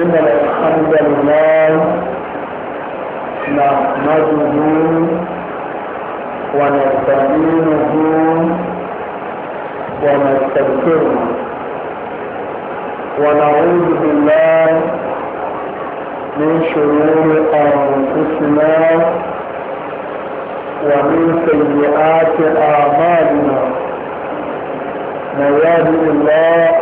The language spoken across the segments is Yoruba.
إن الحمد لله نحمده ونستعينه ونستغفره ونعوذ بالله من شرور أنفسنا ومن سيئات أعمالنا من الله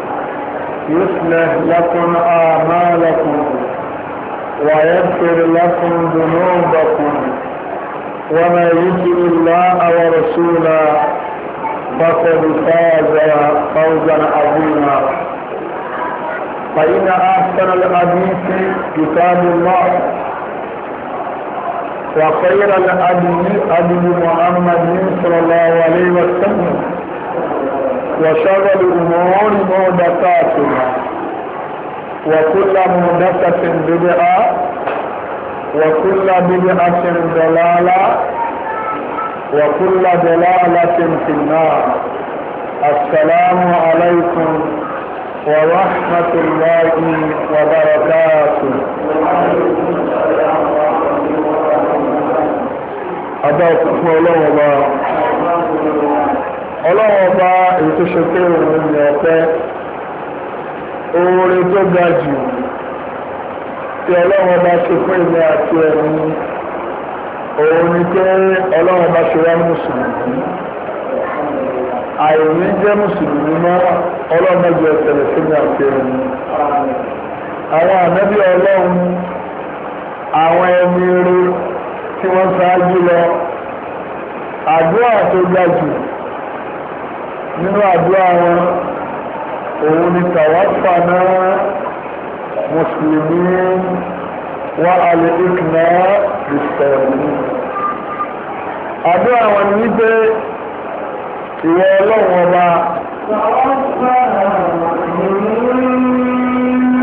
يصلح لكم اعمالكم ويغفر لكم ذنوبكم وما يطع الله ورسوله فقد فاز فوزا عظيما فإن أحسن الحديث كتاب الله وخير الأدب أدب محمد صلى الله عليه وسلم وشر الأمور محدثاتها وكل محدثة بدعة وكل بدعة ضلالة وكل ضلالة في النار السلام عليكم ورحمة الله وبركاته أدعوكم الله ọlọ́wọ́ bá èyí tó ṣe pé òun ní ọ̀pẹ́ oore tó ga jù tí ọlọ́wọ́ bá ṣe fún ìlú àti ẹ̀mí òun ni pé ọlọ́wọ́ bá ṣe wá mùsùlùmí àìní jẹ́ mùsùlùmí mọ́ ọlọ́wọ́ ju ẹ̀sẹ̀lẹ̀ sí ní àti ẹ̀mí àwọn ànábì ọlọ́run àwọn ẹni rí tí wọ́n ṣáájú lọ àdúrà tó ga jù nínú àdúrà wọn òun ni tàwáfà náà mùsùlùmí wà alẹ́ ìkìnà kìrìsìtẹ̀ẹ̀nì àdúrà wọn ní ìwọ ọlọ́run ọba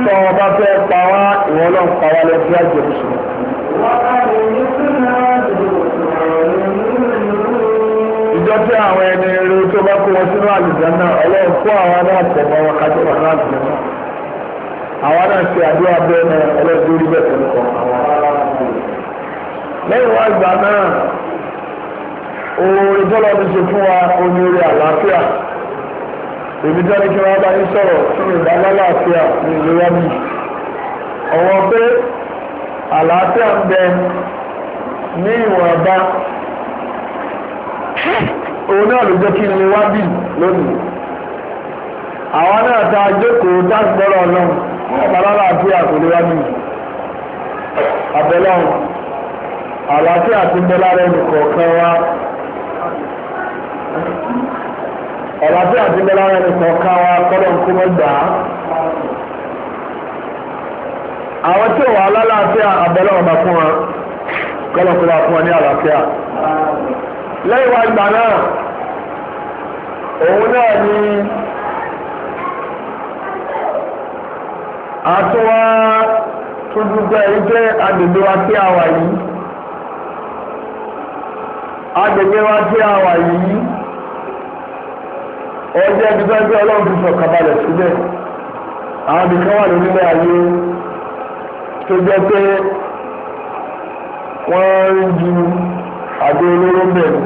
tọ́ ọba fẹ́ pa wá ìwọ ọlọ́run pa wá lẹ́sí àjẹmùsùn níjọ́ tí àwọn ẹni eré tó bá kó wọn sínú àlùjáná ọlọ́run fún àwọn náà pọ̀ mọ́ wọn kájọ́ wọn náà jù náà àwọn náà ṣe àdúrà bẹ́ẹ̀ náà ọlọ́run tó rí bẹ́ẹ̀ tó ń kọ́ àwọn ará lẹ́yìn wá ìgbà náà orin tọ́lọ́ ti ṣe fún wa oní orí àlàáfíà èmi jẹ́ ní kí wọ́n bá yín sọ̀rọ̀ fún ìdálálàáfíà ní ìlera mi ọ̀wọ́ pé àlàáfíà ń bẹ ní ìwọ̀nba òun náà ló jẹ́ kí n lè wá bì lónìí àwọn náà ta jókòó dágbọ́rọ̀ náà ọ̀pọ̀lọpọ̀ àti àkòlẹ́wà bì abẹ́lẹ́ ọ̀hún àlàáfíà ti ń bẹ lára ẹnì kọ̀ọ̀kan wa àlàáfíà ti ń bẹ lára ẹnì kọ̀ọ̀kan wa kọ́lọ̀ ń kó mọ́ gbà á àwọn tí ò wà lálàáfíà abẹ́lẹ́ ọ̀bà fún wa kọ́lọ̀ kó wà fún wa ní àlàáfíà lẹ́yìn wá gbà náà òun náà ni àtúwá tuntun jẹ́ ìjẹ́ agbègbè wa tí a wà yìí agbègbè wa tí a wà yìí ọjọ́ ibi tó ń gbé ọlọ́run ti sọ̀kan balẹ̀ síbẹ̀ àwọn ibìkan wà lórílẹ̀ ayé tó jẹ́ pé wọ́n ń ju àdó olóró ń bẹ̀rù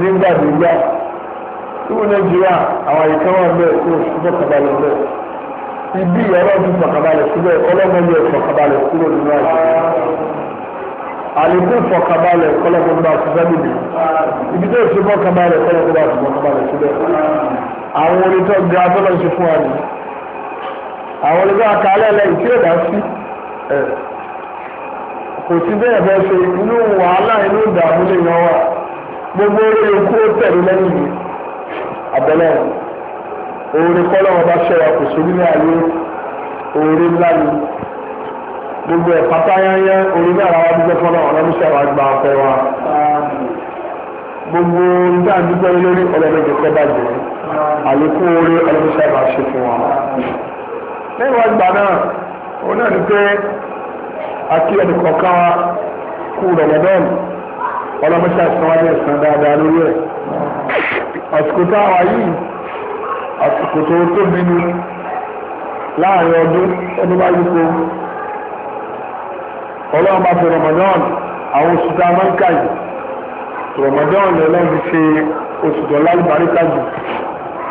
nígbàdégbà tí wọn nàìjíríà àwọn àyíká wà bẹ́ẹ̀ tí wọn ṣubú kàbálẹ̀ bẹ́ẹ̀ ibi ìyàrá ti fọkàbalẹ̀ síbẹ̀ ọlọ́mọ yẹ fọkàbalẹ̀ kúrò nínú àjẹ́ àlékún fọkàbalẹ̀ kọlọ́mọ bá ti sẹ́mi bì ibi tó ṣe fọkàbalẹ̀ kọlọ́mọ bá ti fọkàbalẹ̀ síbẹ̀ àwọn onítọ̀ ga tọ́lọ́ fún wa ni àwọn onítọ̀ àkàlẹ̀ lẹ́yìn tí yóò dá sí ẹ̀ kò sí bẹ́ẹ̀ bẹ́ẹ̀ ṣe inú wàhálà inú ìdààmú lè wọ́n wà gbogbo orí ikú ó tẹ̀lé lẹ́yìn yìí abẹ́lẹ́ oore kọ́lọ́ wọn bá ṣẹ́ra kò sí nínú ayé oore ńlá ni gbogbo ẹ̀ pátáyáyá oore náà wà dúpẹ́ fọ́nà ọlọ́míṣẹ́ wa gba ọ̀fẹ́ wa gbogbo nígbà dúpẹ́ lórí ọlọ́mọdé fẹ́ bàjẹ́ àlékún oore ọlọ́míṣẹ́ wa ṣe fún wa lẹ́yìn wá gbà náà òun náà ni pé àti ẹnìkọ̀ọ̀kan wa kú rọ̀mọdọ́ọ̀nù ọlọ́mọṣẹ́ àṣewájú ẹ̀sán dáadáa lórí ẹ̀ àsìkò táwa yìí àsìkò tó tóbi ni láàrin ọdún ọdún bá yípo ọlọ́run bá fi rọ̀mọdọ́ọ̀n àwọn oṣù tá a máa ń kà yìí rọ̀mọdọ́ọ̀n lọ́lọ́run fi ṣe oṣù tó lálùbáríkà jù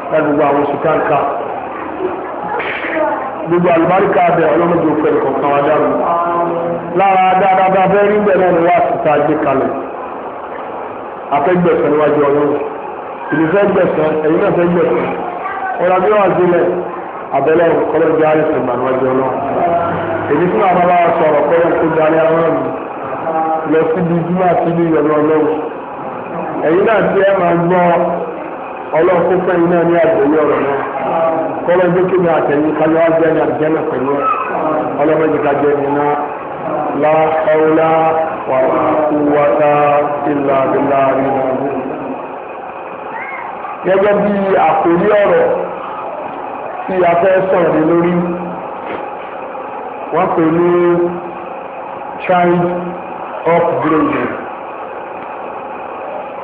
gbogbo àwọn oṣù káàkà gbogbo àlùbáríkà bẹ̀ ọlọ́mọdé òfin kọ̀ọ̀kan wa dárò lára dáadáa bá fẹ́ rí bẹ́ẹ̀ náà ni wá síta gbé kalẹ̀ afẹ́gbẹ̀sán níwájú ọlọ́run ìlú fẹ́ gbẹ̀sán ẹ̀yin náà fẹ́ gbẹ̀sán ọ̀rọ̀ bí wàá sílẹ̀ abẹ́lẹ̀ kọ́lọ́ jẹ́ àrísìn ìgbàlódé ọlọ́run èmi fún àwọn bàbá sọ̀rọ̀ kọ́lọ́ tó darí àwọn mi lọ síbi júmọ́ àti ilé ìyọ̀nà ọlọ́run ẹ̀yin náà tí ẹ máa gbọ́ ọlọ́run tó fẹ́ iná ní àgbẹ̀lẹ̀ ọ̀rọ̀ náà kọ́lọ́ jókè ní àtẹ̀yìn kálíwájú ẹni àjẹ́nà pẹ̀lú ọlọ́mọdé ká jẹ́ ẹni náà. لا حول ولا قوة إلا بالله العظيم gẹ́gẹ́ bí àkórí ọ̀rọ̀ tí a fẹ́ sọ̀rọ̀ lé lórí wọ́n pè ní child upgrading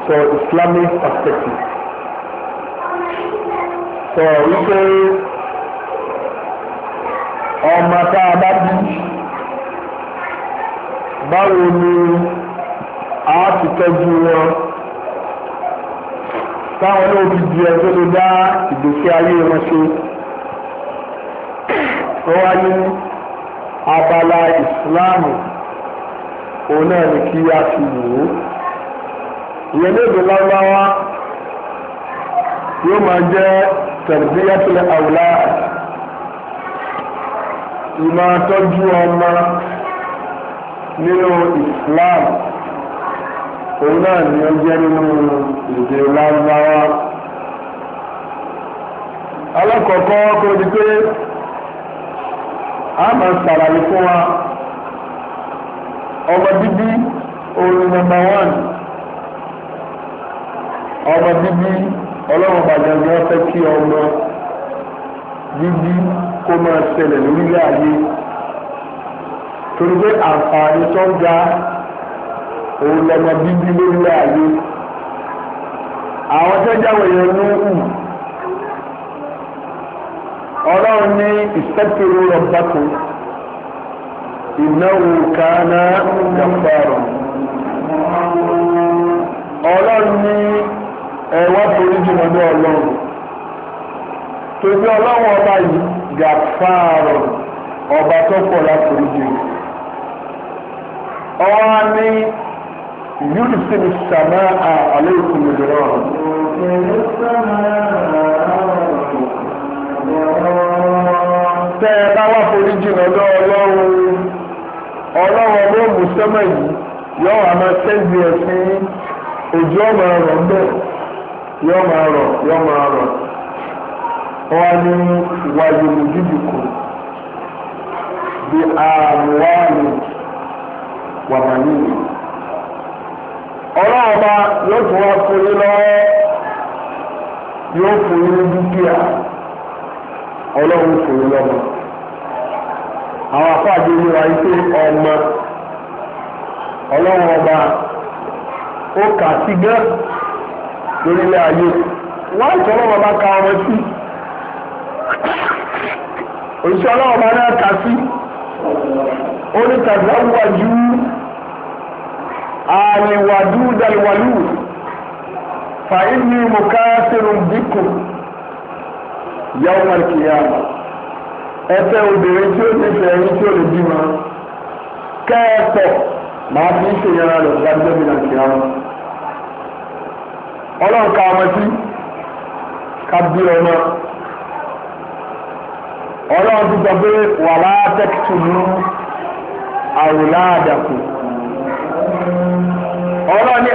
for Islamic perspective sọ̀rọ̀ wípé ọmọ tá a bá bí báwo ni a ti tọ́jú wọn táwọn náà fi di ẹjọ́ ló dá ìgbésí ayé wọn ṣe tó wá ní abala ìsìláàmù òun náà ni kí a fi wò ó ìyẹn lóde lọ́wọ́wá yóò máa jẹ́ tẹ̀lifíyàtìlẹ̀ àwùlá ìmọ̀ àtọ́jú ọmọ nínú Islam òun náà ni ó jẹ́ nínú èdè lágbára alákọ̀ọ́kọ́ kó di pé a máa ṣàlàyé fún wa ọmọ bíbí òun ni nọ́mbà wán ọmọ bíbí ọlọ́run bàjẹ́ ọ̀fẹ́ kí ọmọ bíbí kó máa ṣẹlẹ̀ lórílẹ̀ ayé. torí pé àǹfààní tó ń ga òun lọ́mọ bíbí lórílẹ̀ ayé àwọn tó jáwé yẹn ní hù ọlọ́run ní ìsẹ́kìrì ọ̀bákò ìnáwó kaná gàfàrọ̀ ọlọ́run ní ẹ̀wá torí jùlọ ní ọlọ́run ọba yìí gàfàrọ̀ ọba tó pọ̀ láti orí jùlọ. ọ̀rọ̀ ní yóò sì ní sàmà àlékún ìdúró tẹ́ ẹ bá wà forí jìnnà lọ ọlọ́run ọlọ́run ló mú sẹ́mẹ̀ yìí yọ àmọ́ sẹ́yìn ẹ̀sìn ojú ọmọ ọ̀rọ̀ ń bẹ̀ yọ máa rọ̀ yọ máa rọ̀ wọ́n bí àmúwá nìyí wàmàlú ọlọ́ọ̀ba yóò tún wá fún yín lọ́wọ́ yóò fún yín dúkìá ọlọ́run fún yín lọ́mọ àwọn afáàdé yìí wáyé pé ọmọ ọlọ́run ọba ó kà sí gán lórílẹ̀ ayé wọ́n tọ́ ọlọ́run ọba ka ọmọ sí òṣìṣẹ́ ọlọ́run ọba náà kà sí ó tàbí wájú. آل ودود الولود فإني مكاثر بكم يوم القيامة ẹsẹ obìnrin tí ó ti fẹ́ ẹni tí ó lè bímọ kẹ́ẹ̀tọ̀ máa fi ṣe yàrá rẹ̀ gbàgbé mi náà kìá wọn. ọlọ́run ka ọmọ sí ká ọmọ ọlọ́run ti sọ pé wàhálà mú àwòlá ọ̀rọ̀ ni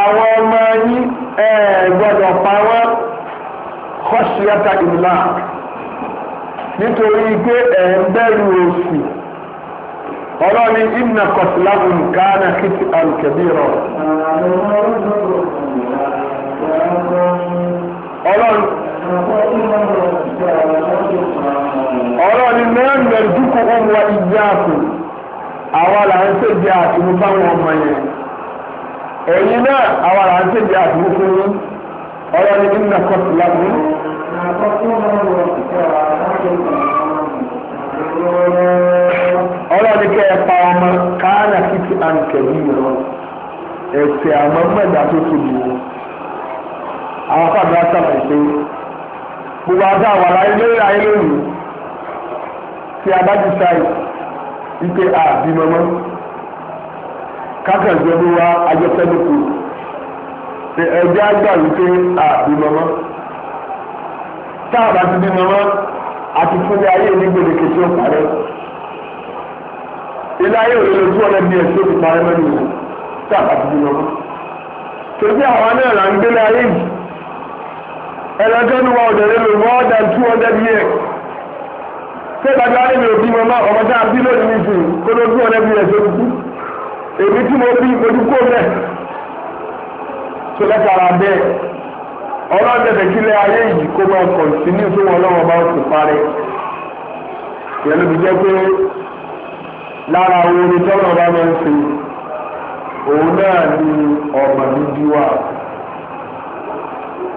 àwọn ọmọ yín ẹ gbọ́dọ̀ pa wọ́n kọ́ṣíyàtà ìlà nítorí pé ẹ̀ ń bẹ̀rù òsì ọ̀rọ̀ ni ìnà kọ̀sìláàmù kánà kìtì àlùkẹ́bí rọ̀ ọ̀rọ̀ mẹ́rin ẹ̀dúkọ̀ ọmọ ìjà kù àwọn là àti mú báwọn ọmọ yẹn. ẹ̀yin náà àwọn ará ń tẹ̀lé àdúgbò fún yín ọ̀rọ̀ ni nínú àkọsí lábú. ọ̀rọ̀ ni kẹ́ ẹ pa ọmọ káàlà títí àǹkẹ̀lì rọ ẹ̀sẹ̀ àmọ́ mẹ́ta tó tóbi wọn. àwọn fàbí á sábà gbogbo àti àwọn aláyé lórí ayé lónìí tí a bá ti sáyé wípé àbí mọ́mọ́. kákàgbé ló wá ajẹ́pẹ́lẹ́kù ṣe ẹjẹ́ àgbà wípé àbí mọ́mọ́ táàbà ti bí mọ́mọ́ àti fúnlẹ̀ ayé ní gbèdéke tí ó parẹ́ ilé ayé òye lójú ọ̀rẹ́ bí ẹ̀sìn òkú parẹ́ mẹ́rin ìwò táàbà ti bí mọ́mọ́ torí àwọn náà là ń gbélé ayé yìí ẹlẹ́jọ́ ní wọn ọ̀dẹ̀rẹ́ lò more than two hundred years ṣé ìgbàgbọ́ ayé mi ò bí mọ́mọ́ ọmọdé àbí lónìí nìyí kó ló dún ọ̀rẹ́ bí ẹ̀sìn òkú èmi tí mo fi ojú kó lẹ̀ tó lẹ́kàrà bẹ́ẹ̀ ọlọ́dẹ̀dẹ̀ kílẹ̀ ayé yìí kó máa kọ̀ǹtínú tó wọn lọ́wọ́ bá ti parí ìyẹn ló fi jẹ́ pé lára orí tọ́lọ̀ bá máa ń fi òun náà ni ọ̀mà bíbí wà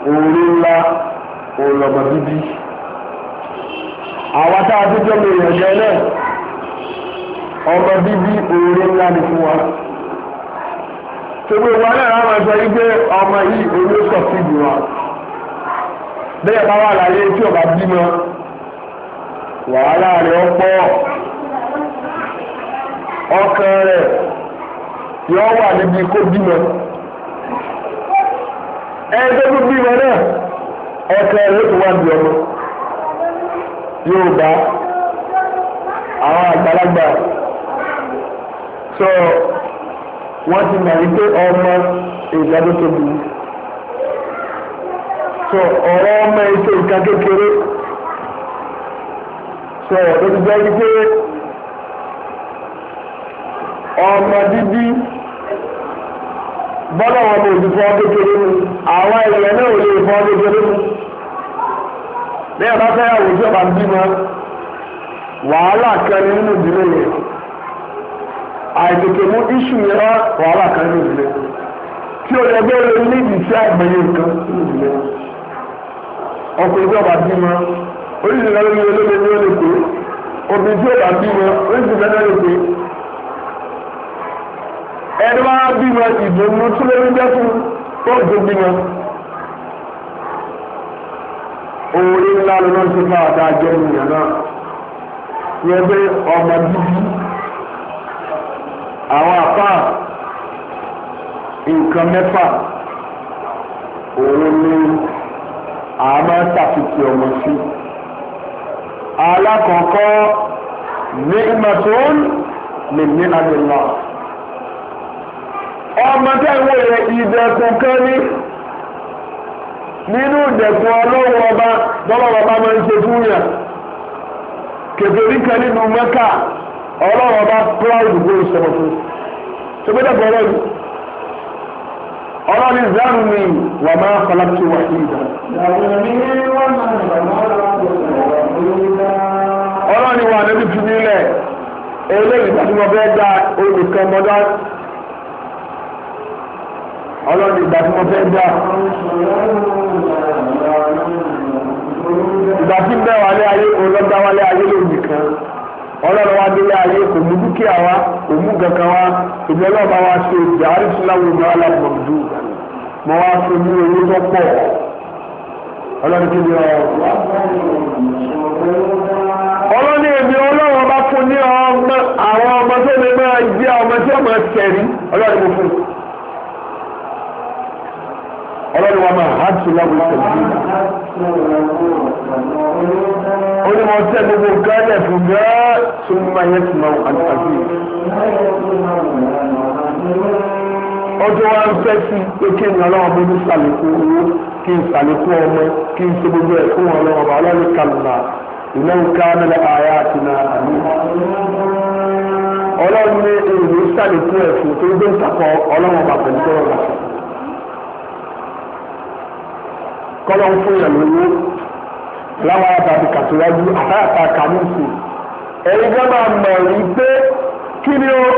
orí ńlá òun lọ̀mà bíbí àwa tá a tó jẹ́ mi ìrìnàjò náà ọmọ bíbí oore ńlá ni fún wa gbogbo ìwà náà á máa sọ wípé ọmọ yìí oore sọ sí ìlú wa bẹ́ẹ̀ bá wà láyé tí ọba bímọ wàhálà rẹ̀ ọ̀pọ̀ ọkàn rẹ̀ yọ wà níbi kó bímọ ẹgbẹ́ tó bímọ náà ọkàn rẹ̀ ó ti wá bí ọmọ yóò bá àwọn àgbàlagbà so wọ́n ti mọ̀ wípé ọmọ ìgbàdo tóbi so ọ̀rọ̀ ọmọ ètò ìka kékeré so ọ̀dọ́ ti jẹ́ wípé ọmọ bíbí bọ́lá wọn lè fi fọ́ kékeré mu àwọn èèyàn náà ò lè fọ́ kékeré mu bí ẹ bá fẹ́ àwùjọ bá bímọ wàhálà kan nínú ìdílé yẹn àìtètè mú iṣu yẹn wá wàhálà kan ní ìdílé tí ó yẹ bẹ́ẹ̀ lè ní ìdí sí àgbẹ̀yẹ nǹkan ní ìdílé ọkùnrin tí ọba bímọ oríṣi kan lórí olóògbé ní olè pé obìnrin tí ọba bímọ oríṣi kan lórí pé ẹni wá bímọ ìdùnnú tí lórí jẹ́ fún tóògùn bímọ orí ńlá ló lọ́n ti fún àtàjẹ́ ènìyàn náà yẹ pé ọmọ bíbí àwọn àpá nǹkan mẹ́fà òun ni a máa ń tàkìtì ọmọ sí alákọ̀ọ́kọ́ ní ìmọ̀tún lè ní àdìlá ọmọ tẹ́wọ́ rẹ̀ ìdẹ̀kùn kan ní nínú ìdẹ̀kùn ọlọ́wọ́ ọba bọ́lọ́wọ́ ọba máa ń ṣe fún yàn kèfèrí kan nínú mẹ́kà ọlọ́wọ́ ọba proud go sọ̀rọ̀ ṣùgbọ́n bọ̀rọ̀ ni ọ̀rọ̀ ni zanu ni wà máa kọ́lá tó wà sí ìdá. ọ̀rọ̀ ni wà níbi fi nílẹ̀ eléyìí tí mo fẹ́ gba olùkọ́ mọ́dá ọlọ́ni ìgbà tí mo fẹ́ gbà ìgbà tí bẹ́ẹ̀ wà ní ayé olóńgbà wà ní ayé ọlọ́run wa délé ayé kò mú dúkìá wa kò mú kankan wa èmi ọlọ́run wa ṣe ìjà àríṣìláwò máa la pọ̀ jù mo wá fún mi owó tó pọ̀ ọlọ́run kí ni ọ. ọlọ́run èmi ọlọ́run bá fún ní àwọn ọmọ tó lè máa jẹ́ ọmọ tí ọmọ tẹ̀rí ọlọ́run mo fún un ọlọ́run wa máa hàn sí lọ́wọ́ ìtẹ̀lẹ́sílẹ̀. ó ní wọn tẹ́ gbogbo nǹkan ẹ̀ fún gán tó ń máa yẹ kí máa wà àti. ọjọ́ wa ń fẹ́ sí pé kí ọlọ́run bí mi sàlékún owó kí n sàlékún ọmọ kí n ṣe gbogbo ẹ̀ fún ọlọ́run ọba ọlọ́run kàlùmá ìnáwó kámẹ́lẹ̀ àyà àti náà àmì. ọlọ́run ní èrò sàlékún ẹ̀ tó gbé ń takọ ọlọ́run ọba pẹ̀lú tọ́lọ́ kọ́lọ́ ń fún ìyàn lówó láwọn àtàkì kàtúwájú àtàkà kàmúsù ẹ̀yin gbọ́n máa mọ̀ rí pé kí ni ó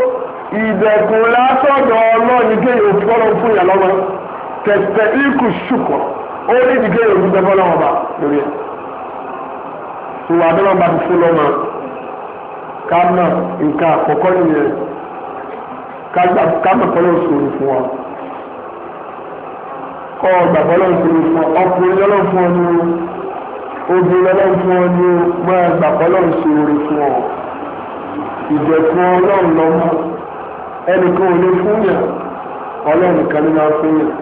ìdẹ̀kùn lásọ̀dọ̀ ọlọ́ọ̀ni kéèyàn òfin kọ́lọ́ ń fún ìyàn lọ́wọ́ tẹ̀tẹ̀ ikú ṣùkọ̀ ó ní ìdíkẹ́ òfin tẹ́ fọ́lọ́wọ́ bá lórí ẹ̀ ìwà àdọ́lọ́ bá ti fún lọ́mọ ká mọ̀ nǹkan àkọ́kọ́ nìyẹn ká mọ̀ kọ́lọ́ òṣòro fún wa kọ́ gbàgbọ́ lọ́wọ́ fún mi fún ọkùnrin lọ́wọ́ fún ọ ní o obìnrin lọ́wọ́ fún ọ ní o máa gbàgbọ́ lọ́wọ́ ṣe oore fún ọ ìjẹ̀kùn ọlọ́run lọ́mọ ẹnìkan ò lè fún yàn ọlọ́run kan ní máa fún yàn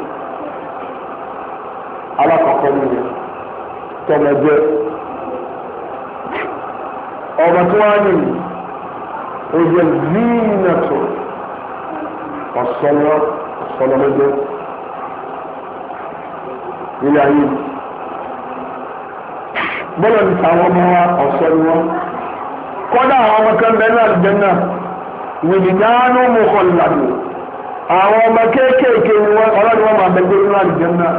alákọ̀ọ́kọ́ mi yàn tọmọdé ọmọ tí wọ́n á nìyí ó yẹ zínàtò ọ̀sọ́nà ọ̀sọ́nà lọ́jọ́ ilé ayé bọ́lá ní àwọn ọmọ wa ọ̀sọ́ ni wọ́n kọ́dà àwọn ọmọ kan bẹ́ẹ̀ náà bẹ́ẹ̀ náà wìdìdánù mọ̀kànlélàdù àwọn ọmọ kéékèèké ni wọ́n ọlọ́dún wọn máa bẹ̀gbẹ́ nínú àdìjẹ́ náà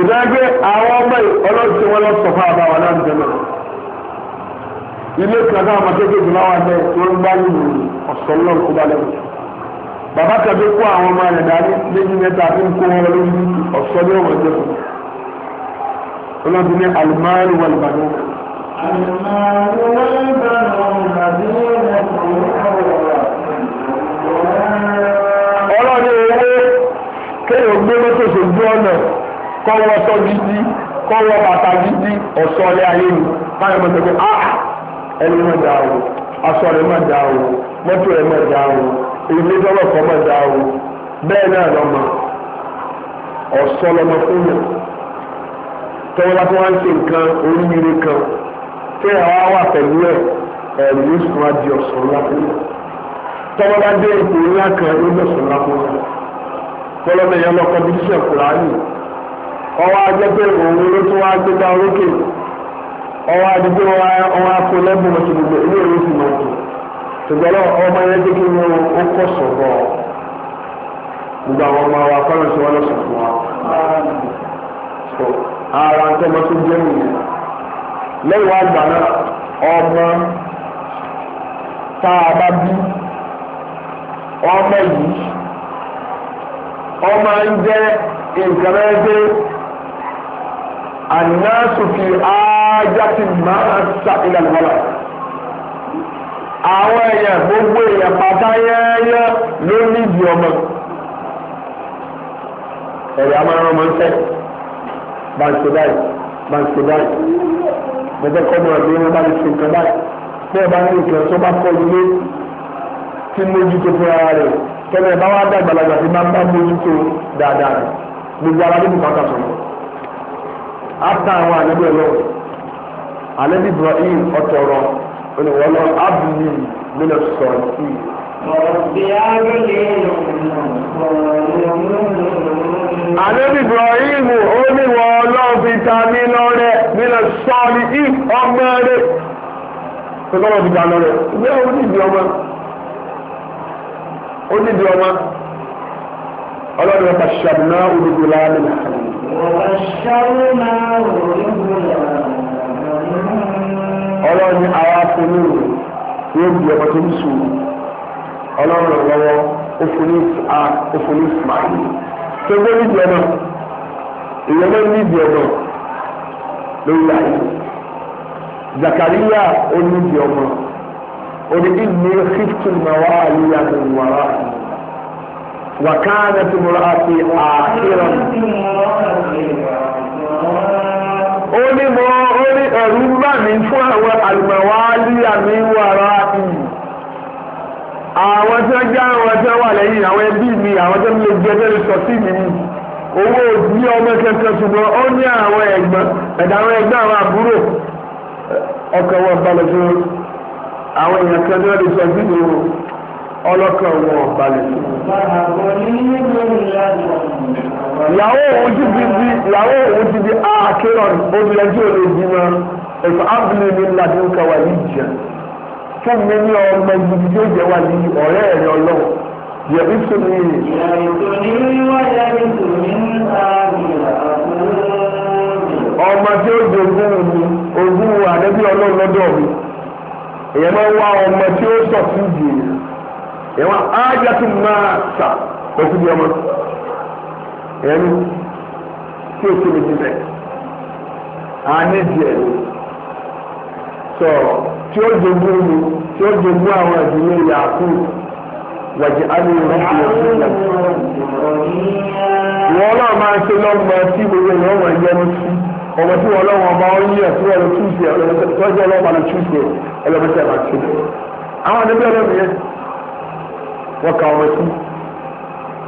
ìdájẹ́ àwọn ọmọ ọlọ́dún tí wọ́n lọ sọ̀fọ́ àbáwọn náà jẹ́ ilé kan náà ọmọ kéékèèké náà wà bẹ́ẹ̀ tí wọ́n gbá nínú ọ̀sán náà kó bá lẹ́wọ̀n bàbá kan tó kó àwọn ọmọ rẹ̀ dání méjì mẹ́ta tó ń kó wọn lórí ọ̀ṣọ́ ní ọ̀wọ̀ ẹgbẹ́ fún olóòtú ní alùmáàlù wà lùbàdàn. alùmáàlù wà lùbàdàn ọlọ́ọ̀ni owó kéèyàn gbé mọ́tò sójú ọ̀nà kọ́wọ́ tọ́ gidi kọ́wọ́ bàtà gidi ọ̀ṣọ́ ilé ayé mi báyọ̀ mọ́tò pé ah! ẹni mọ̀ dáa o aṣọ rẹ̀ mọ̀ dáa o mọ́tò rẹ̀ mọ̀ dáa o onígbọ́lọ̀ kọ́ mọ̀ dá o bẹ́ẹ̀ náà lọ́mọ ọ̀sọ́ lọ́mọ fún yàn tọ́wọ́ láti wá ń ṣe nǹkan oríire kan tí àwa wà pẹ̀lú ẹ̀ ẹ̀rù yóò sùn wá di ọ̀sán ńlá fún yàn tọ́wọ́ bá dé ipò ńlá kan yóò lọ sùn ńlá fún yàn tọ́lọ́ mẹ́yàn lọ kọ́mpítíṣàn kùránì ọwọ́ ajẹ́ pé òun ló tún wá gbégbá orókè ọwọ́ adigun ọwọ́ afọlẹ́bùn ọ̀sìn gbogbo ilé ìwé sì máa dùn ṣùgbọ́n ọmọ yẹn dé kí ni ó kọ̀ sọ̀rọ̀ gbogbo àwọn ọmọ wa fẹ́ràn sí wọn lọ sọ̀rọ̀ wa. ara ń tọ́ ọmọ tó jẹ́ nìyẹn lẹ́yìn wá gbà náà ọmọ tá a bá bí ọmọ yìí ọmọ ń jẹ́ nǹkan mẹ́rin dé àná sùfì ájá ti máa ń sa ilẹ̀ lọ́la. àwọn èèyàn gbogbo èèyàn pata yẹ́ẹ́yẹ́ ló níbi ọmọ ẹ̀rọ ebe ọmọ ń fẹ́ bàǹkì báyìí bàǹkì báyìí mo fẹ́ kọ́ mọ̀ràn bí bá lè fi nǹkan báyìí bí ẹ bá ní nǹkan tó bá kọ́ ilé tí mójútó fún ara rẹ̀ tẹ́lẹ̀ bá wá tí máa ń bá gbogbo ara ló sọ̀rọ̀ àwọn قل ولا عبد من الصالحين Àlébì Ibrahim ó ní wọ ọlọ́ọ̀fi ta mí lọ́rẹ̀ nílẹ̀ sọ́ọ̀lì ì ọgbẹ́ rẹ̀. Tọ́lọ́ fi ta lọ́rẹ̀. Ìgbé ó nídìí ọmọ. Ó nídìí ọmọ. Ọlọ́run ọ̀pá ṣàbùná olùdó láàmì nàkàlẹ̀. Ọ̀pá ṣàbùná olùdó láàmì nàkàlẹ̀ ọlọ́run ní àwa fúnni yóò di ọmọ tó ń sùn ọlọ́run lọ́wọ́ ó fún ní a ó fún ní smile tó gbé nídìí ọmọ ìyẹn ló nídìí ọmọ lórí ayé Zakariya ó nídìí ọmọ orí ìní fífún náwó àlùyà ní wàrà wàkàna tó mọ̀rọ̀ àti àkírọ̀ ó ní mọ́. ní ẹ̀rù bá mi fún àwọn àlùmọ̀wálí àmì wàrà ìyí àwọn tí wọ́n já àwọn ya wà lẹ́yìn àwọn ẹbí mi àwọn tí wọ́n lè jẹ́ tẹ́lẹ̀ sọ sí mi owó òbí ọmọ kẹkẹ ṣùgbọ́n ó ní àwọn ẹ̀gbọ́n ẹ̀dá àwọn ẹ̀gbọ́n àwọn àbúrò ọkọ̀ wọn balẹ̀ fún àwọn èèyàn lè sọ ọlọ́kàn wọn balẹ̀ sí. ìyàwó òun ti di di ìyàwó òun ti di àkéròn ah, obìnrin ò lè bímọ ẹ̀fọ́ ábúlé mi ládùúkà wà ní ìjà fún mi ní ọmọ gidi yóò jẹ́ wà ní ọ̀rẹ́ ẹ̀rẹ́ ọlọ́wọ́ yẹ̀bí fún mi. ọmọ tí ó jogún mi ogún àdébí ọlọ́run lọ́dọ̀ mi èèyàn máa ń wá ọmọ tí ó sọ sí ìdí ẹ̀wọ̀n ájàtú máa sà òkú bí ọmọ ẹ̀rú tí òkú mi ti bẹ̀ á ní díẹ̀ sọ tí ó jogún mi tí ó jogún àwọn ìdílé yàkú wàjú alóòrán ti yẹ fún yàrá wọn náà máa ṣe lọ́gbọ̀n tí gbogbo ìwọ̀n wọn yẹnu sí ọmọ tí wọn lọ́wọ́ ọba ó yẹ tí wọn lọ túnṣe ọlọ́mọdé tọ́jú ọlọ́pàá lọ túnṣe ọlọ́mọdé àbàtúndé àwọn àdébíyàn lọ́mọdé wọ́n ka ọmọ sí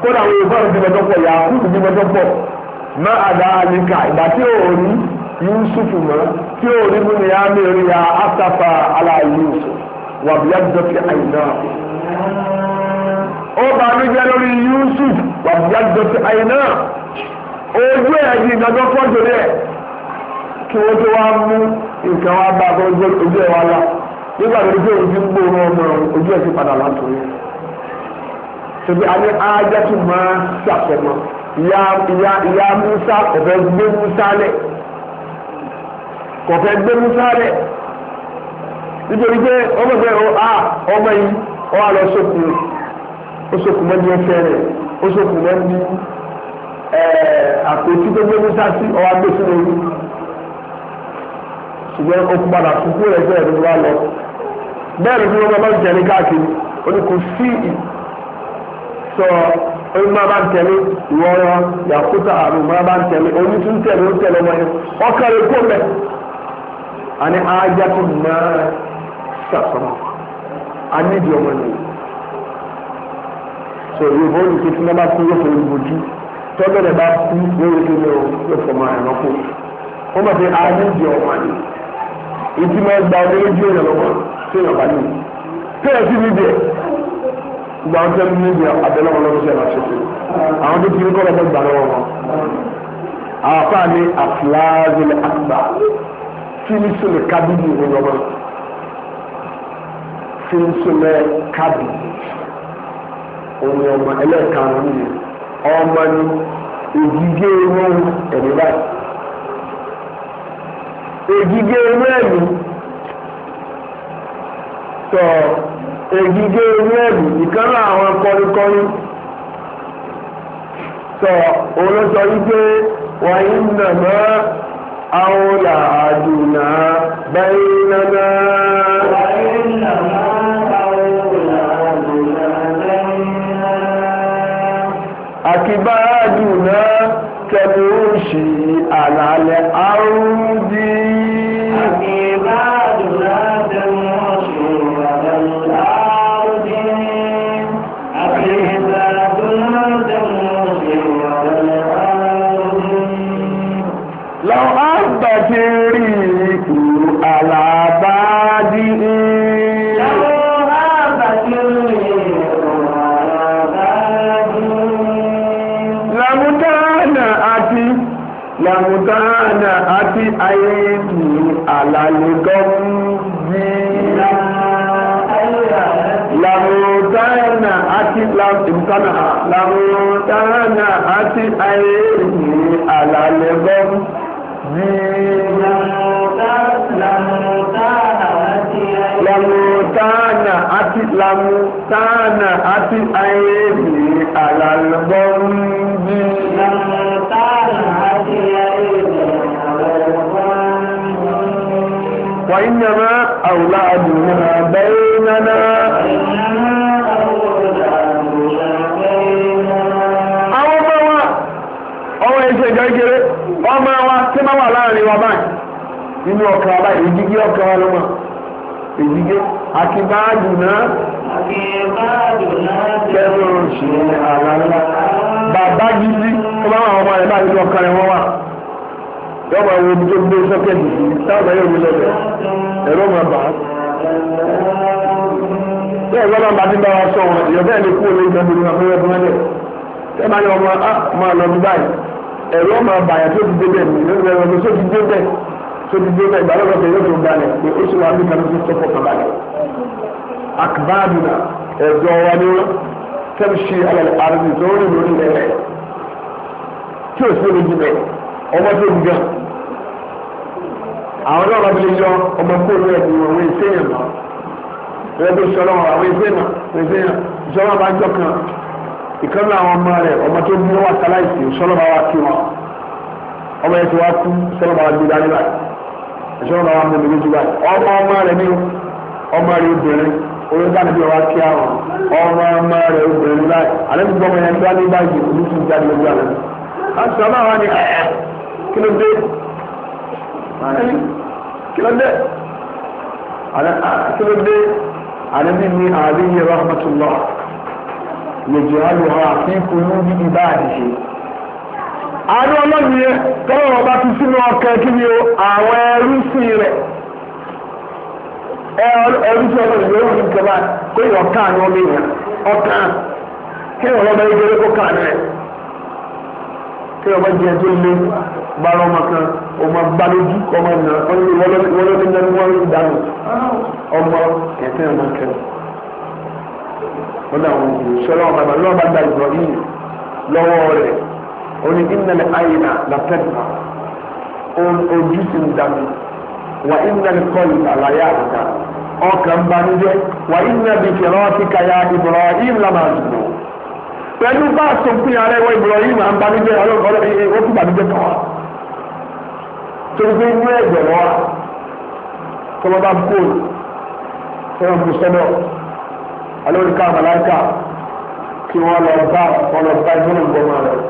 kódà àwọn yorùbá rẹ̀ bímọ dọ́pọ̀ yakubu bímọ dọ́pọ̀ má àdá àlìkà ìgbà tí ò rí yusuf mọ́ tí ò rí mú ni yá mẹ́rin ya asafa ala yusuf wà bíyà dọ́tí àyìnà ó bá mi jẹ́ lórí yusuf wà bíyà dọ́tí àyìnà ojú ẹ̀ di ìdájọ́ fọ́jọ́ rẹ̀ kí wọ́n tó wá mú nǹkan wá bá a kọ́ ojú ẹ̀ wá lá nígbà tó ń gbé ojú ń gbòòrò ọmọ ojú ẹ̀ sì padà látòrí tobi ani ajatu maa sasọmọ ya ya ya musa kọfẹ gbé musa lẹ kọfẹ gbé musa lẹ nítorí pé ọmọ bẹ a ọmọ yìí ọ alọ sọkùn ó sọkùn mọ ní ẹsẹ̀ rẹ̀ ó sọkùn mọ ní ẹ àpótí tó gbé musa sí ọ agbé sínú orí ṣùgbọ́n ó padà fún kúrẹ́sẹ̀ rẹ̀ ló wá lọ bẹ́ẹ̀ ni wọ́n bá ń jẹ́ káàkiri ó ní kò sí sọ oyún máa bá ń tẹ̀lé ìwọ ọ̀rọ̀ yàkútà àrùn máa bá ń tẹ̀lé oyún tún tẹ̀lé ó tẹ̀lé ọmọ yẹn ọkàrẹ̀ kó mẹ́ àní ajá tó máa ṣàfọ̀mọ́ anídìí ọmọ yẹn so yorùbá olùkọ́ tí wọ́n bá kú yóò fọ ìbòjú tọ́gbẹ́ rẹ̀ bá kú lórí kí ni ó yóò fọmọ ẹ̀rọ kú wọ́n mọ̀ pé anídìí ọmọ yẹn ìtumọ̀ ẹgbàá lójú ẹ̀rọ lọ́wọ́ tí èèyàn bá ní gbogbo àwọn tó ń níbi àbẹ̀lẹ̀ wọn lọ́dún sí ẹ̀rọ àṣẹ àwọn tó ti rí kọ́lọ́ fún ìgbàlọ́wọ́ wọn. àwọn afáà ní àfúlázìlẹ̀ àgbà fínísìlẹ̀ kábíyì ní ọmọ fínísìlẹ̀ kábíyì òun ọmọ ẹlẹ́ẹ̀karùn-ún yìí ọmọ ní ògìgé wọn ẹ̀mí báyìí ògìgé wọn ẹ̀mí tọ́ ègige inú ẹ̀bù ìkánná àwọn kọrikọri sọ olóṣọ wípé wàyí nàmá àwọn làádùnà bẹ́ẹ̀ nàmá. Àkíbáradùnà kẹmíhùn sí àlàálẹ̀ àrùn dín. بكريك على بادئ Lamudana àti àyèmí àlàlégọ́mí. Lamudana àti lamudana lamudana àti àyèmí àlàlégọ́mí lamutana àti lamutana àti ayébi alalbọ́nbí. lamutana àti ayébi alalbọ́nbí. wà ní ẹ̀rọ àwùlá àdùnnà bẹ́ẹ̀ náà. tí máa wà láàrin wa báyìí nínú ọkàn wa báyìí ìdígé ọkàn wa lọ́mọ ìdígé akíbáàdù náà kẹ́rù ṣe àlàlá bàbá gidi tó bá wà ọmọ rẹ̀ báyìí lọ́kàn rẹ̀ wọ́n wà yọ máa wo tó gbé sọ́kẹ́tì sí táwọn yóò wí lọ́dọ̀ ẹ̀rọ máa bà á. bẹ́ẹ̀ lọ́dọ̀ bá ti bá wa sọ ìyọ̀bẹ́ẹ̀ ni kúrò lórí ìjọba ìlú àfẹ́rẹ́ fún ẹ̀ tẹ́ bá ní ọmọ ẹ̀rọ máa bàyàn tó ti dé bẹ́ẹ̀ ní ìlú ẹ̀rọ tó ti dé bẹ́ẹ̀ tó ti dé bẹ́ẹ̀ ìgbàlódé ọ̀sẹ̀ yóò tó balẹ̀ pé ó sì wà ní kanú tó tọ́pọ̀ kabalẹ̀. akbaduna ẹ̀dọ́ wa ni wọ́n tẹ́lifí alẹ́ àrùn tó ń lò nílẹ̀ rẹ̀ tí ò sí ojú bẹ́ẹ̀ ọmọ tó ń gan. àwọn náà wọ́n ti yọ ọmọ kóòlù ẹ̀ ní ìwọ̀n ìṣẹ́yìn náà wọ́n ìkànnì àwọn ọmọ rẹ̀ ọmọ tó bí wọn sáláìsì sọlọ́mà wa kí wọn ọmọ yẹn ti wá kú sọlọ́mà wa gbéra níbà sọlọ́mà wa mímu méjì báyìí ọmọ ọmọ rẹ̀ ní ọmọ rẹ̀ obìnrin olùdarí bí wọn kí àwọn ọmọ ọmọ rẹ̀ obìnrin báyìí alẹ́ mi gbọ́mọ yẹn gbá ní báyìí ìlú ti jáde lójú àná àti ọmọ àwọn ni kí kí ló dé kí ló alẹ́ yaj'alaha fi qulubi ibadihi àánú ọlọ́run yẹn tọ́wọ́ ọba tún sínú ọkàn kí ni o àwọn ẹrú sí rẹ̀ ẹrú sí ọkàn ìwé òní ìjọba pé ọ̀kan àánú ọmọ èèyàn ọ̀kan kí ọlọ́ba yẹn gbére kó kàn rẹ̀ kí ọba jẹ tó lé bára ọmọ kan ọmọ gbalójú ọmọ ìnà wọlé ní wọlé ní wọlé ní dànù ọmọ kẹtẹ ọmọ kẹtẹ wọn náà wọn kò sọ lọ́wọ́ bàbá lọ́wọ́ bá gba Ibrahim lọ́wọ́ rẹ̀ ó ní ìnàlẹ̀ àyìnà làtẹ́tà ojú ti ń dami wà ìnàlẹ̀ kọ́lù àlàyé àbùkà ọkàn banújẹ́ wà ìnàbí kìrọ́ọ̀tì kàyà Ibrahim lamàdùnú pẹ̀lú bá a sọ fún yàrá ẹwà Ibrahim à ń banújẹ́ ọlọ́ọ̀ọ́ ó kú banújẹ́ kàn wá torí pé inú wá tọ́lọ́ bá kóòlù tọ́lọ́ bù sọ́dọ̀ alórí ká màláìka kí wọ́n lọ bá wọn lọ bá ìmúlò gbọmọ rẹ̀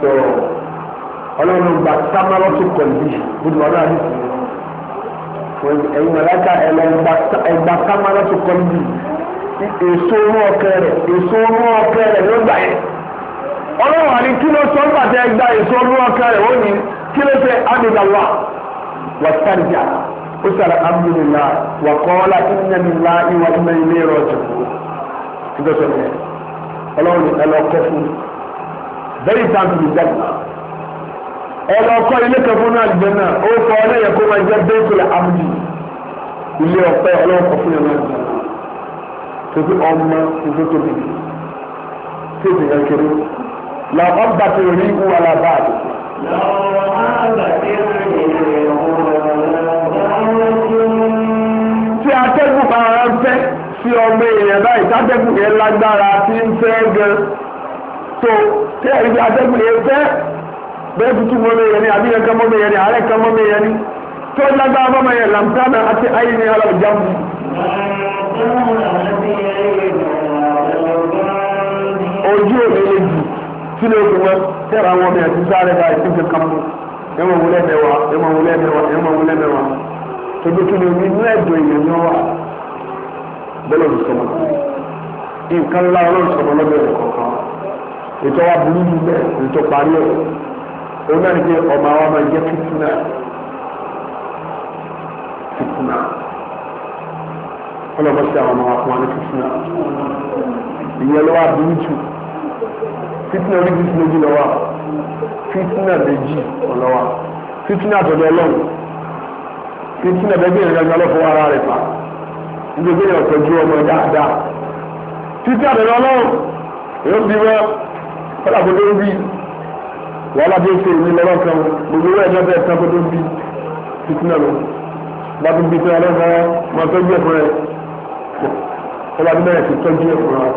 so ọlọ́run gba sámárọ́ tó kọ̀lì gbogbo ọ̀rọ̀ àdìsí ẹ̀yin màláìka ẹ̀gbà sámárọ́ tó kọ̀lì èso orú ọkẹ rẹ̀ èso orú ọkẹ rẹ̀ ló gbà yẹn ọlọ́run àní kí ló sọ nígbà tẹ́ gba èso orú ọkẹ rẹ̀ ó ní kí ló ṣe àdìgbà wà wà sáré jà ó sàrà amúlùmá wà kọ́lá ìnàmìlá ìwà ìmọ̀ ilé rọ̀jù ìgbésọ̀ yẹn ọlọ́run ẹ lọ kọ́ fún very down to the dead ẹ lọ kọ́ ilé kan fún náà jẹ náà ó fọ ọ lẹ́yìn kó máa jẹ bẹ́ẹ̀kùlẹ̀ amúlù ilé ọ̀pẹ ọlọ́run fún yẹn náà tóbi ọmọ tuntun tóbi tóbi yẹn làwọn bàtẹ̀rẹ̀ rí wàlà báàdì. làwọn bàtẹ̀rẹ̀ rí wàlà báàdì. tí ọmọ èèyàn báyìí tátẹ́kùn yẹn lágbára tí ń fẹ́ gan tó tí ẹ̀rí bí atẹ́kùn yẹn fẹ́ bẹ́ẹ̀ tuntun mọ́mọ́ yẹn ni àbí yẹn kan mọ́mọ́ yẹn ni àárẹ̀ kan mọ́mọ́ yẹn ni tó lágbára mọ́mọ́ yẹn làǹtàmẹ́ àti ayé ni alábìjá mu. ojú òní lè jù kí ló ti wọ́n tẹ̀ra wọn bẹ̀rẹ̀ sísá rẹ̀ báyìí tí fi kàn mú ẹ̀wọ̀n wúlẹ̀ mẹ́wàá ẹ̀wọ̀n wúlẹ̀ mẹ́wàá ẹ̀wọ̀n wúlẹ̀ mẹ́wàá bọ́lá ló sọmọ nǹkan ńlá ọlọ́run sọmọ lọ́dọ̀ ẹ̀ kọ̀ọ̀kan ètò wa burú yìí bẹ́ẹ̀ ètò parí ẹ̀ òun náà ní pé ọmọ àwọn máa jẹ́ fìtínà fìtínà ọlọ́mọ sí àwọn ọmọ wa fún wa ní fìtínà ìyẹn ló wà burú jù fìtínà orí fìtínà méjì lọ́wọ́ fìtínà méjì ọ̀lọ́wọ́ fìtínà àtọ̀dọ̀ ọlọ́run fìtínà bẹ́ẹ̀ bí ìrìnàjò ọlọ́fọwọ́ ara rẹ̀ pa gbogbo yẹn tọ́jú ọmọ dáadáa títí àbẹ̀rẹ̀ ọlọ́run èyí ń bí wọn kọ́lá kó tó ń bí wàhálà bí ó ṣe ìlú lọ́wọ́ kan gbogbo wọn ẹ̀jẹ̀ bẹ́ẹ̀ tán kó tó ń bí títí náà lọ bá tó ń bí fún ọlọ́run máa tọ́jú ẹ̀kọ́ rẹ̀ kọ́lá bí bẹ́ẹ̀ ti tọ́jú ẹ̀kọ́ rẹ̀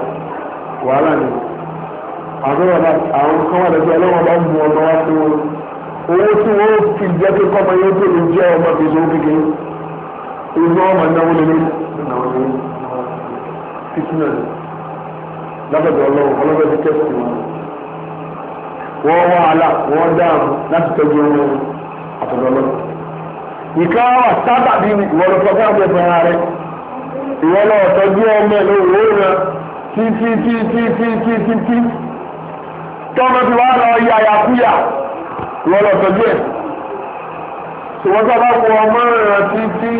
wàhálà ni àwọn kan wà lẹ́gbẹ̀ẹ́ ọlọ́run bá ń bu ọmọ wá fún wọn owó tí wọ́n fi jẹ́ pé kọ́mọ yóò tó lè jẹ́ ọmọ kìí ṣe ó kékeré ìlú ọmọ náà wọlé lórí náà ní fitinẹ lábẹ́dọ̀ ọlọ́run ọlọ́run ti kẹ́sì wọn wọ́n wá àlà wọ́n dáàmú láti tọ́jú wọn àtọ̀dọ̀ ọlọ́run ìka wà sábà bí ìwọlọ́pọ̀ káàdì ẹ̀fọn ara rẹ ìwọlọ́ ọ̀tọ́jú ọmọ ẹ̀ lówó rẹ títítítítítítí tọ́mọ tí wàá lọ yí àyàkúyà ìwọlọ́ ọ̀tọ́jú ẹ̀ ṣùgbọ́n sábà wọ ọmọ rẹ títí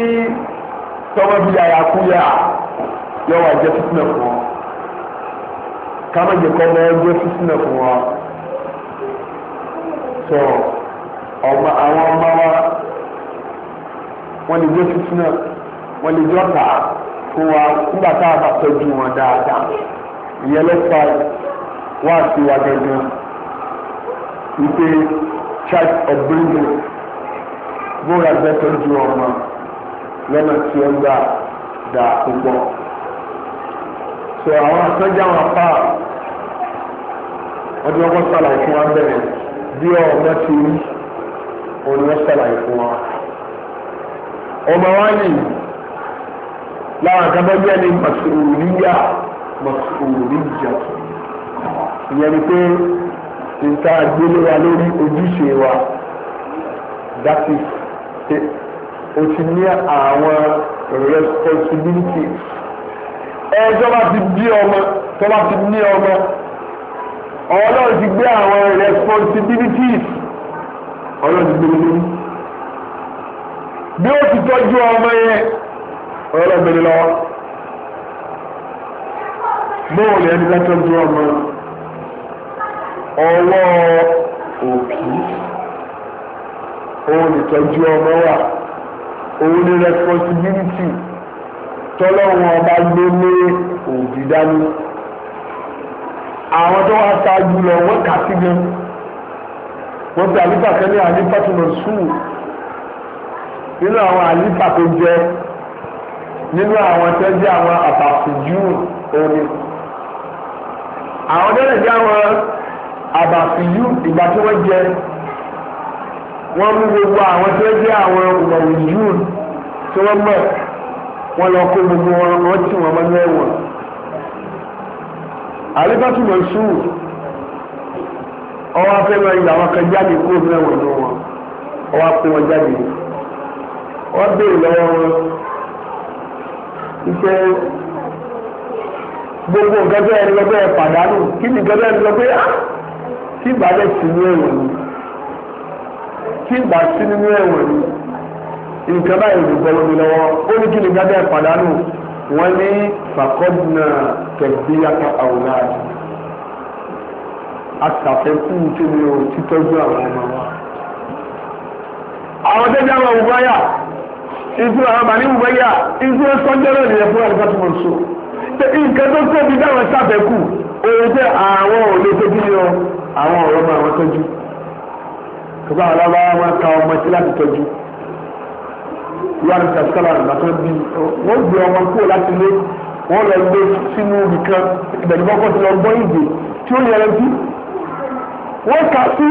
tọ́wọ́ bí ayakú yá yọ wà jẹ́ fitinẹ fún ọ kama jẹ kọ́ bẹ́ẹ̀ jẹ́ fitinẹ fún ọ sọ ọmọ àwọn ọmọ wa wọ́n lè jẹ́ fitinẹ wọ́n lè jẹ́ ọ̀tá fún wa nígbà tá a bá tọ́jú wọn dáadáa ìyẹn ló fa wá sí wa gẹ́gẹ́ wípé church of bringing bóra bẹ́ẹ̀ tọ́jú ọmọ lọ́nà tí ó gbà dà púpọ̀ so àwọn sọ́jà wọn pa wọ́n ti wọ́n sàlàyé fún wa bẹ̀rẹ̀ bí ọ̀nà ti rí òun ni wọ́n sàlàyé fún wa ọmọ wa ni láwọn àtàbọ́jú ẹni màsùlùmíyà màsùlùmíyà ìyẹn ni pé nǹkan àgbélé wa lórí ojúṣe wa that is it o ti ní àwọn responsibility ẹjọ́ bá ti bí ọmọ tó bá ti ní ọmọ ọlọ́run ti gbé àwọn responsibilities ọlọ́run ti gbé lórí bí ó ti tọ́jú ọmọ yẹn ọlọ́run gbé lọ́wọ́ bóun lè ẹni látọ́jú ọmọ ọwọ́ òbí òun ìtọ́jú ọmọ wà òun ni responsibility tọ́lọ́run ọba gbé lé òbí dání àwọn tó wá ṣáájú lọ wọ́n kà sí gan wọ́n pe àlífà kẹ́lẹ́ àlífà tó lọ sùn nínú àwọn àlífà tó jẹ nínú àwọn tó jẹ àwọn àbàfìjú òní àwọn tó lè jẹ àwọn àbàfìjú ìgbà tí wọ́n jẹ wọ́n mú gbogbo àwọn tó jẹ́ àwọn ọmọ yìí tí wọ́n mọ̀ wọ́n lọ kó gbogbo wọn wọ́n tì wọ́n mọ́nú ẹ̀wọ̀n. àlébàtú mọ̀ sùn ọwọ́ afẹ́lẹ́ ìgbà wọn kan jáde kó nú ní wọn ọwọ́ apẹ́ wọn jáde wọ́n béèrè lọ́wọ́ wọn iṣẹ́ gbogbo nǹkan bẹ́ẹ̀ ni wọ́n bẹ́ẹ̀ pàdánù kí ni nǹkan bẹ́ẹ̀ ni wọ́n bẹ́ẹ̀ tí ìgbà bẹ́ẹ̀ sì ní ẹ̀wọ̀n ni tí ìgbà sí nínú ẹ̀wọ̀n ni nǹkan báyìí ò ní bọ́ lómi lọ́wọ́ ó ní kí ni gádẹ́ pàdánù wọ́n ní fàkọ́dùnà tẹ̀gbéyàtọ̀ àwòrán àti àtàfẹ́kù tó ní o títọ́jú àwọn ọmọ wa. àwọn tẹ́jú àwọn òwúbáyà ìtú àwọn bàní òwúbáyà ìtú sọ́jọ́rọ̀ nìyẹn fún àdúgbò tó mọ̀ so. nǹkan tó tóbi dáwọn sàfẹ́kù òun tẹ àwọn òde yọ àwọn ọ̀rọ̀ mọ àwọn tọ́jú kọ́kọ́ àwọn alábáwá máa ta ọmọ sí láti tọ́jú yára ti sábà nàtọ́ bí wọ́n gbé ọmọ kúrò láti lé wọ́n lọ gbé sínú nìkan ìbẹ̀rù kọ́kọ́ ti lọ gbọ́ ìgbè tí ó yẹra sí wọ́n kà sí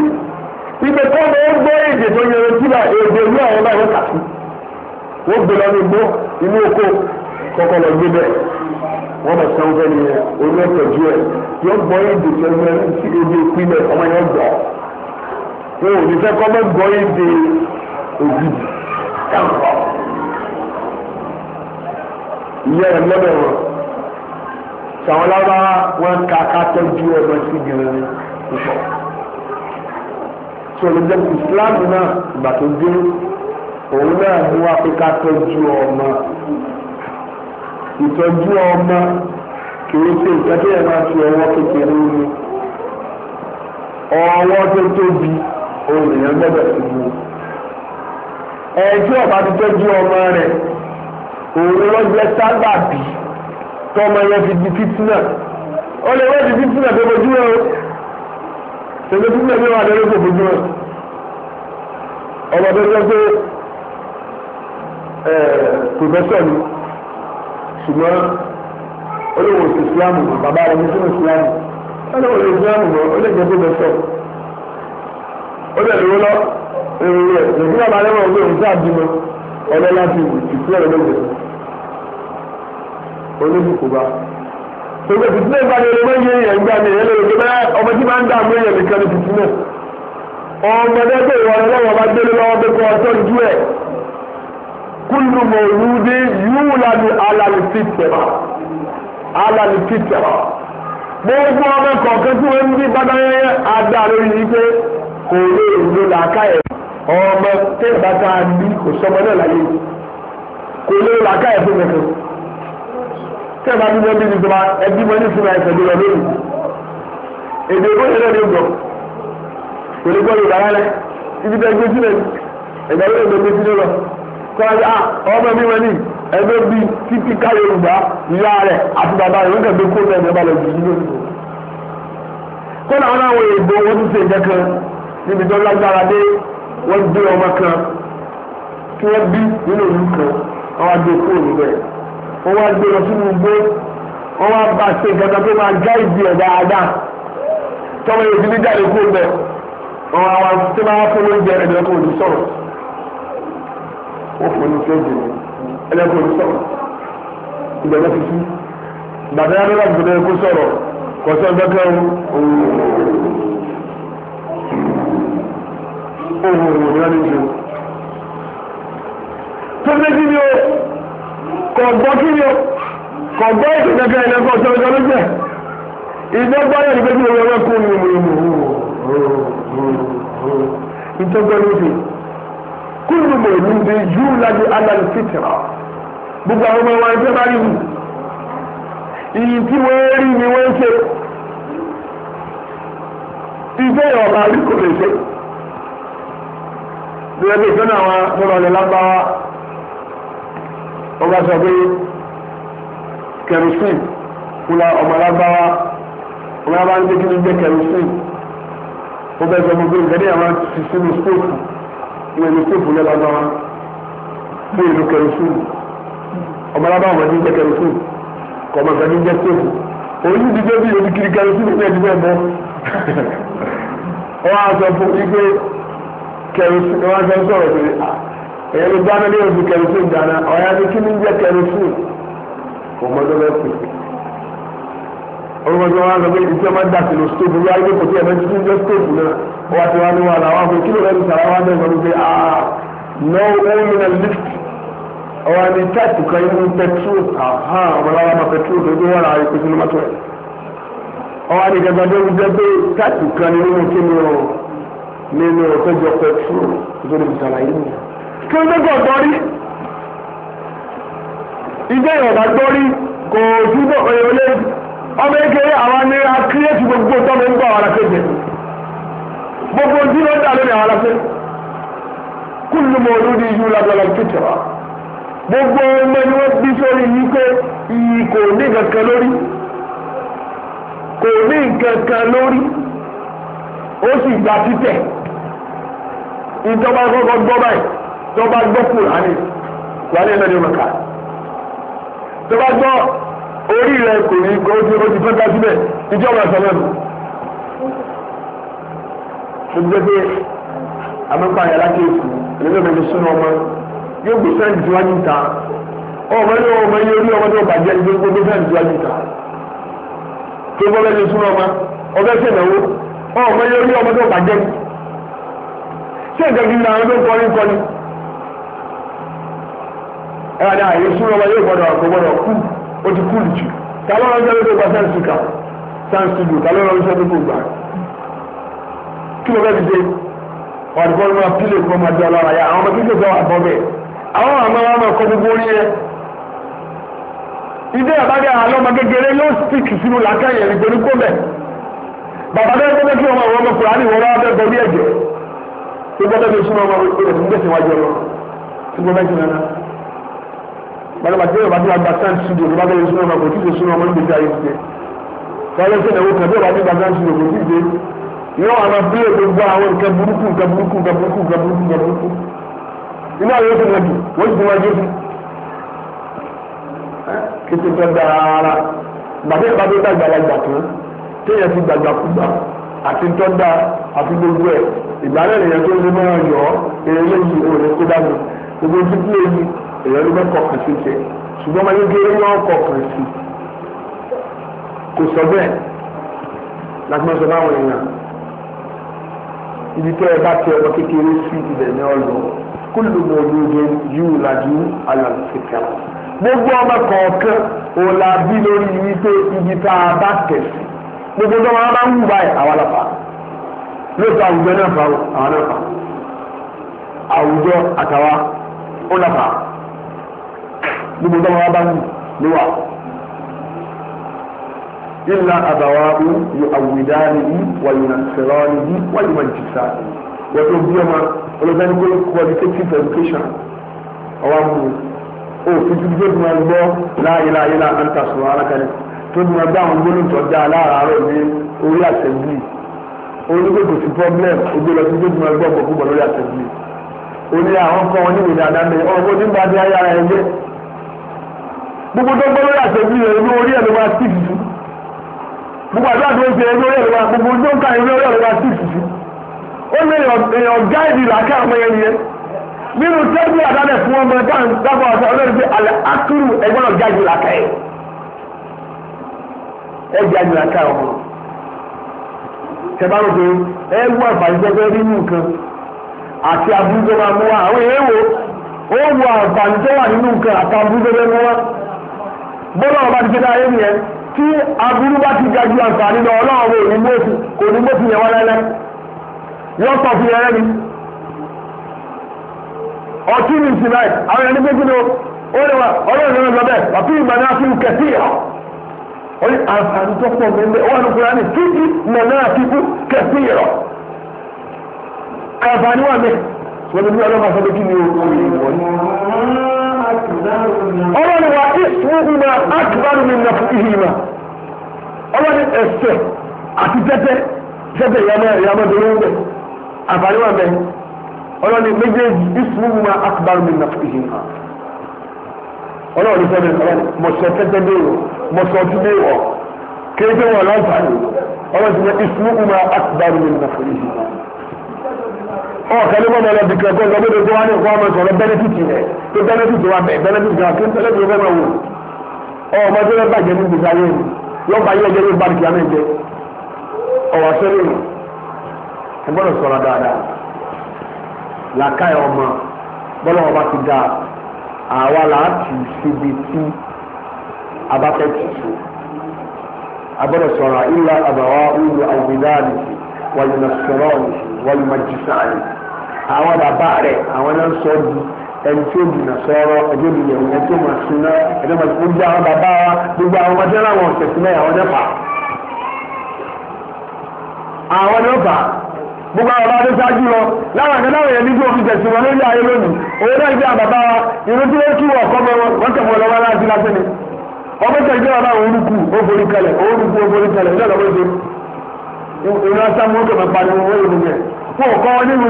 ibẹ̀ kọ́ ló ń gbọ́ èdè tó yẹra sí bá èdè ìlú àwọn náà wọ́n kà sí wọ́n gbé lọ ní gbó inú oko kọ́kọ́ lọ gbé bẹ́ẹ̀ wọ́n bẹ̀ sanwó fẹ́ nìyẹn oníwẹ̀tọ̀jú ẹ̀ yọ gbọ́ èdè tó yẹra sí èdè ìpínlẹ̀ ọmọ yẹn gbọ́ wọn ò ní fẹ́ kọ́ mẹ́gbọ́ yìí di òbí ìyá ẹ̀ lọ́dọ̀ wọn sàwọn lábá wọn ka kátẹ́jú ọmọ sí gẹ̀rẹ́ púpọ̀ tó lè jẹ́ Islam náà ìgbà tó dé òun náà mú wa pé kátẹ́jú ọmọ ìtọ́jú ọmọ kìí ṣe ìtọ́jú ẹ̀ máa fi ọwọ́ kékeré ní ọwọ́ tó tóbi òun èèyàn gbọ́dọ̀ fún un ẹjọ́ ọba ti tọ́jú ọmọ rẹ̀ òun ló jẹ́ sábàbí tọmọ yẹn fi di fítínà ó lè wọ́n di fítínà tó bojú rẹ̀ o tẹ̀lé fítínà tó wà lórí kò bojú rẹ̀ ọmọ tó jẹ́ pé pòfẹ́sọ̀ ni ṣùgbọ́n olówó ìsìlámù bàbá rẹ̀ ní sínú ìsìlámù ó lè wọ́n ìsìlámù mọ́ ó lè jẹ́ pòfẹ́sọ̀ ó dẹ̀ lówó lọ èrè lòdì náà máa lẹ́wọ̀n ọgbẹ́ òun sáà bímọ ọlọ́ láti ìtú ọ̀rọ̀ lóde olóṣùkò bá gbogbo ìtúná ìbáni ẹni máa ń yé èèyàn gbà ní èèyàn lè gbé bẹ́ẹ̀ ọmọ tí máa ń dààmú èèyàn nìkan ní tuntun náà ọmọ ẹgbẹ́ ìwọ ọlọ́wọ́ bá gbélé lọ́wọ́ pé kó ọjọ́ ju ẹ̀ kúlù mọ̀lúdí yúlàdì alàlìfìtẹ̀mà alàlìfìtẹ̀mà gbogbo ọmọ kọ̀ọ̀kan tí wọ́n ń bí bàbá yẹn adá lórí yìí pé kò lè lo làákà ẹ̀ ọmọ tí ìgbà tá ní kò sọmọ náà láyé kò lè làákà ẹ̀ fún mẹ́kẹ́ tí ìgbà tí wọ́n bí ní ìjọba ẹbí wọn ní ìsinmi àìsàn ìjọba lónìí èdè ìgbó yẹn lẹ́nu kò lè lálẹ́ ibi tẹ́ gbé sílẹ̀ ẹ̀gbẹ́ gbé sílẹ̀ lọ kọ́ ah, ọmọ mi wọn ní ẹgbẹ́ ìyá rẹ̀ àti bàbá rẹ̀ kó níbi tó lágbára dé wọ́n gbé ọmọ kan tí wọ́n bí nínú ìlú kan wọ́n wá gbé kúrò níbẹ̀ wọ́n wá gbé lọ sínú igbó wọ́n wá bá ṣe gàdá tó máa já ìdí ẹ̀ dáadáa tọ́mọ yóò fi ní jáde kúrò bẹ̀ wọ́n wá wá tí wọ́n wá fún oúnjẹ ẹ̀dẹ̀kùn òdì sọ̀rọ̀ ó fún ní fẹ́ jù ẹ̀dẹ̀kùn òdì sọ̀rọ̀ ìgbàgbọ́ fi sí bàtà yàrá lọ́dọ̀ ẹ̀dẹ̀kùn sọ̀rọ̀ kọ̀ọ̀sọ̀ ọ̀dọ́kẹ́ ohun òwò ní ọdún jù tó fẹ́ kí ni ó kọ̀ gbọ́ kí ni ó kọ̀ gbọ́ ètò kẹkẹ ẹ̀lẹ́kọ̀ ọjọ́ ọjọ́ ló jẹ́ ìjọ gbọ́dọ̀ ní pé kí ni ó kó ní ìmọ̀ ìmọ̀ ìjọba ló dé kúlù mọ̀ ní ìdè yóò lájú alàlù fìtìrà gbogbo àwọn ọmọ wa ẹgbẹ́ bá rí mi ìyí tí wọ́n rí ni bí wọ́n bí ìtọ́nà àwọn mọ́nà lágbáwá wọ́n bá sọ pé kerosene kúlá ọmọ lágbáwá ọmọ lágbáwá ń gbé kí ní gbé kerosene wọ́n bẹ́ẹ̀ sọ fún pé nǹkan ní àwọn ti sínú stóòfù ìwé ní stóòfù lẹ́lágbáwá bí ìlú kerosene ọmọ lágbáwá wọ́n ti gbé kerosene kọ́ ọmọ nǹkan ní gbé stóòfù òun ti gbé bí ìlú kiri kerosene ní ẹ̀dínlẹ̀ mọ́ wọ́n kẹrìsìn ni wọ́n fẹ́ sọ̀rọ̀ pé èyí ah, ló dáná ní oṣù kẹrìsìn dáná ọ̀yá ni kí ni ń jẹ́ kẹrìsìn kò mọ́tò bẹ́ẹ̀ pè orúkọ tí wọ́n sọ pé ìṣe máa ń dà sí lọ stóòfù yá ilé kò tí ẹ̀mẹ́ títí ń jẹ́ stóòfù náà wọ́n wá ti wá ní wà láwọn àpò kí ló rẹ̀ ń sàrà wá bẹ́ẹ̀ sọ pé ah no women are lift ọwọ́ ni táìpù kan yín ní petrol ahán ọmọláwa máa petrol tó dé wọ́n ra ìpèsè mọ́tò ẹ̀ ọwọ́ ni gẹ́gẹ́ bí ó ń jẹ́ pé táìpù kan ní kí ni o nínú ọ̀tọ́jọ pẹ̀trol tó lè ṣàlàyé mi. kí ló gbọ́ dọ́rí ìjọ ìyọ̀bá dọ́rí kò túbọ̀ ọ̀yọ̀ lé ọmọ ekele àwọn ní akíyèsí gbogbo tọ́mọ ń bọ̀ àwọn akéde gbogbo tí wọ́n dà lórí àwọn akéde kúlù mọ̀ lórí ìlú lábẹ́lá fìtìrà gbogbo ọmọ ni wọ́n bí sórí yìí pé iyì kò ní kankan lórí kò ní kankan lórí ó sì gba títẹ̀ ìjọba kọ́kọ́ gbọ́ báyìí tọ́ba gbọ́ kùránì kùránì náà ni ó mọ̀ ká tọ́ba gbọ́ orí rẹ kò ní kó tí ó ti fẹ́ ká síbẹ̀ ìjọba ìsọ̀lẹ̀ nù. gbogbo pé amẹ́pà yàrá kéèkù ẹ̀lẹ́dẹ̀ bẹ̀rẹ̀ súnú ọmọ yóò gbé sẹ́ǹdì síwájú ta ọmọ yóò ọmọ yóò rí ọmọ tó bàjẹ́ ìgbé gbogbo sẹ́ǹdì síwájú ta tó gbọ́ bẹ́ẹ̀ ní súnú ọmọ ọbẹ̀ sẹ́ǹdì ọmọ yóò rí ọmọ tó bàjẹ́ ṣé ìjọba ìlú àwọn tó kọrin kọrin ẹ wà ní àyè sún ọmọ yóò gbọdọ̀ kó gbọdọ̀ kú ó ti kú lùjù kálọ́ ọjọ́ tó gba sáǹsì kà sáǹsì dù kálọ́ ọjọ́ tó gbà kí ló bẹ́ẹ̀ ti dé ọ̀dùkọ́ ló máa pílè kó máa jẹ́ ọlọ́ra yá àwọn ọmọ kékeré wà bọ́ bẹ́ẹ̀ àwọn àmọ́ wọn máa kọ́ gbogbo orí yẹn ìdí àbájá àlọ́ ọmọ kékeré yóò stíkì sínú làákàyè ìgbèríkó bẹ́ẹ̀ bàbá bẹ́ẹ̀ gbọ́dọ̀ kí ọmọ àwọn ọmọ kùránì wọn wá bẹ́ẹ̀ bẹ́ẹ̀ ẹ̀jẹ̀ tó gbọ́dọ̀ bí súnmọ́ ọmọ ìpínlẹ̀ tó ń gbèsè wájú ọlọ́ tó gbọ́dọ̀ kí nana balaba tí yorùbá tí wàá gba sáǹtì studio tó bá bẹ́ẹ̀ súnmọ́ ọmọ kò tí ì súnmọ́ ọmọ nígbèsè ayé ti tẹ́ tọ́lẹ́ sí ìnáwó kan bí yorùbá tí gba sáǹtì studio kò tí ì dé yóò àwọn abúlé gbogbo àwọn nǹkan burúkú nǹkan burúkú nǹkan burúkú nǹkan burúkú nǹkan burúkú inú àwọn yóò tó wọn jù wọ́n ti tó wọn jù kété tó dára bàtí ìbá tó dàgbà la gbà tó téèyàn ti gbàgbàkúgbà àti tọ́gbà àti gbogbo ẹ̀ ìgbàlẹ̀ èèyàn tó ń lé mọ́ra yọ ọ́ èèyàn léyìí òun ní kó dànù gbogbo títí èyí èèyàn ló mẹ́kọ̀ kàn sí jẹ ṣùgbọ́n máa ń gé yọ̀ kọ̀ kàn sí kò sọ bẹ́ẹ̀ láti máa sọ fáwọn èèyàn ibi tẹ́ ẹ bá tẹ ọmọ kékeré sí ibẹ̀ ní ọlọ́ kúlù mọ̀lúdé yóò lajú alàlùfẹ́kẹ́ gbogbo ọmọ kọ̀ọ̀kan òun la bí lórí wípé ibi tá a bá tẹ̀ sí gbogbo tó wọn bá ń wù báyìí àwa la fà ló sọ àwùjọ náà fà o àwa náà fà àwùjọ àtàwa ó la fà gbogbo tó wọn bá ń wù ló wà. إلا أبواه يؤودانه وينصرانه ويمجسانه wọ́n bí ọmọ ọlọ́dún kó qualitative education ọwọ́ àmúlò ó fi dúdú tó máa gbọ́ láàyè láàyè láàkàntà sọ̀rọ̀ tó ní ọgbà àwọn gbólóńtọ́ dá aláàárọ̀ ní orí àtẹ̀gbì onígbègbè sí problem ojú lọ sí gbogbo ẹgbẹ́ ọ̀pọ̀ púpọ̀ lórí àtẹ̀gbì ó ní àwọn kan wọn níwèé dáadáa mẹ́rin ọmọ ní bá dé ayára ẹgbẹ́ gbogbo tó gbọ́ lórí àtẹ̀gbì rẹ̀ ní orí ẹ̀ ló máa sí ìtìtú gbogbo àdúrà tó ń ṣe ẹgbẹ́ orí ẹ̀ ló máa gbogbo tó ń ka ẹgbẹ́ orí ẹ̀ ló máa sí ìtìtú ó lè èèyàn gáìdì làákà àwọn ẹyẹ yẹn nínú tẹ́gbì àdánẹ̀ fún ọmọ dáhùn dábọ̀ àti ọlọ́run pé àlẹ́ àkúrú ẹgbẹ́ àgbẹ̀rẹ̀ ká ọmọ tẹ́bá lóde ẹ wú àǹfààní tó fẹ́ nínú nǹkan àti aburú tó máa mú wa àwọn èèyàn wo ó wú àǹfààní tó wà nínú nǹkan àti aburú tó fẹ́ mú wa bọ́lá ọba ti kéde ayé nìyẹn tí aburú bá ti ga ju àǹfààní lọ ọlọ́run ò ní mọ́tò kò ní mọ́tò yẹn wá lẹ́lẹ́ wọ́n sọ fún yẹn lẹ́nu ọtí ní ìsìn báyìí àwọn ẹni gbégbé ló ó lè wà ọlọ́run ló ń lọ bẹ́ẹ̀ ọtí ìgbà náà fi ń kẹ̀sí ọ̀ wọ́n ní àǹfààní tó pọ̀ gbẹ̀ngbẹ̀ wọ́n ní kúránì títí mọ̀nà àtìkú kẹsí ìrọ̀ àǹfààní wà mẹ́ wọ́n ní ọlọ́mọ àfẹ́ lójú ni ọlọ́ni wa ìsúnmọ́ akíbárù mi nà fún ìhìmà ọlọ́ni ẹ̀sẹ̀ àti tẹ́tẹ́ tẹ́tẹ́ ìyàmọ́ ìyàmọ́ dòlóhùn àǹfààní wà mẹ́ ọlọ́ni méjèèjì ìsúnmọ́ akíbárù mi nà fún ìhìmà ọlọ́run ní sẹ́mi ọlọ́run mo sọ tẹ́tẹ́ léwọ̀ mo sọ ọtí léwọ̀ kéde wọn láǹfààní ọlọ́run ti ní ìsúnú kúmọ̀ àtìbáyé mi nà fún yìí. ọ̀kẹ́lẹ́ mọ́mọ́ ọlọ́dún kẹ́kọ̀ọ́ lọ́gbẹ́ tó wá ní ìkọ́ ọmọ sọ̀rọ̀ bẹ́nẹ́fìtì rẹ̀ tó bẹ́nẹ́fìtì wa bẹ̀ bẹ́nẹ́fìtì wa kí bẹ́nẹ́fìtì wa wò ọmọ tó lẹ́ bàjẹ́ ní gbèsè ayé mi yọba yẹ jẹ́ bá ní kìlámẹ́ jẹ ọ̀wà sẹ́lẹ̀ mi ẹ gbọ́dọ̀ sọ̀rọ̀ àwa làátì síbi tí a bá fẹ́ tì sí a gbọ́dọ̀ sọ̀rọ̀ ilẹ̀ àbàwá ìlú àwùdáàlì wàlùmọ̀ sọ̀rọ̀ọ̀lì wàlùmọ̀ jìsàlì àwọn bàbá rẹ̀ àwọn náà sọ di ẹni tí ó dìnnà sọ̀rọ̀ ẹjọ́ di yẹ̀wò ẹni tó máa suná ẹjọ́ máa gbogbo àwọn bàbá wa gbogbo àwọn ọmọdé náà wọn ọ̀sẹ̀ sílẹ̀ àwọn náà fà àwọn náà fà gbogbo àwọn bàbá tó lọ láwọn àgbẹ̀ láwọn èèyàn nígbà tẹ̀sí wọn lórí ayé lónìí òun náà jẹ́ àbàbá wa irun tí wọ́n kí wọ́n kọ́ mọ́ wọn tẹ̀ wọ́n lọ́wọ́ láti lásán ni ọmọ tẹ̀ jẹ́ ọba òun rúkú ó forí òun rúkú ó forí kalẹ̀ ìjọba ó ṣe ìrora sámú ó pariwo wọ́n yóò yẹ fún ọkọ nínú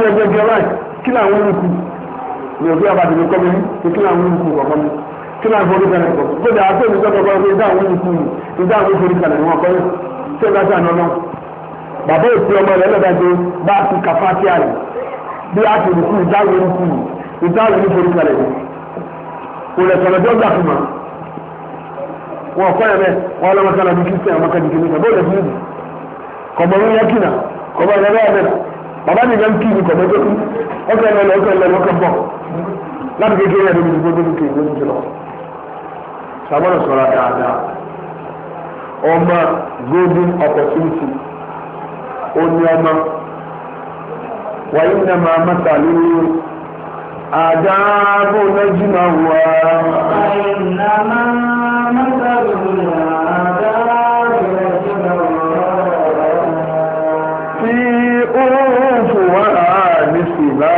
yẹn jẹjẹ kí bàbá òkú ọmọ rẹ̀ lọ́dọ̀dọ̀ bá ti kàfá sí àrẹ̀ bí a ti rìkú ìdáwọ̀ rìkú ìdáwọ̀ ní forí kalẹ̀ ni kò lè sọ̀rọ̀ bí ó gbà fún ma wọn kọ́ ẹ̀rẹ́ wọn lọ́wọ́ sọ́la ní kristian ọmọ kẹ́kẹ́ nígbà bó lè fún mi kọ̀mọ̀ ní yẹkìnà kọ̀mọ̀ ẹ̀rẹ́ bẹ́ẹ̀ bẹ́ẹ̀ bàbá mi gan kí ni kọ̀mọ̀ tó kú ọkọ̀ ẹ̀rẹ́ lọ ọkọ̀ ẹ̀rẹ́ lọ ọkọ̀ bọ̀ láti kékeré ẹ̀rẹ́ mi ti gbogbo kékeré ló ń golden opportunity ó ní ọmọ wàyí nà máa mọ́ta lórí àdáàbò lọ́jú máa wà tí oòrùn fòwà ààrẹ sì bá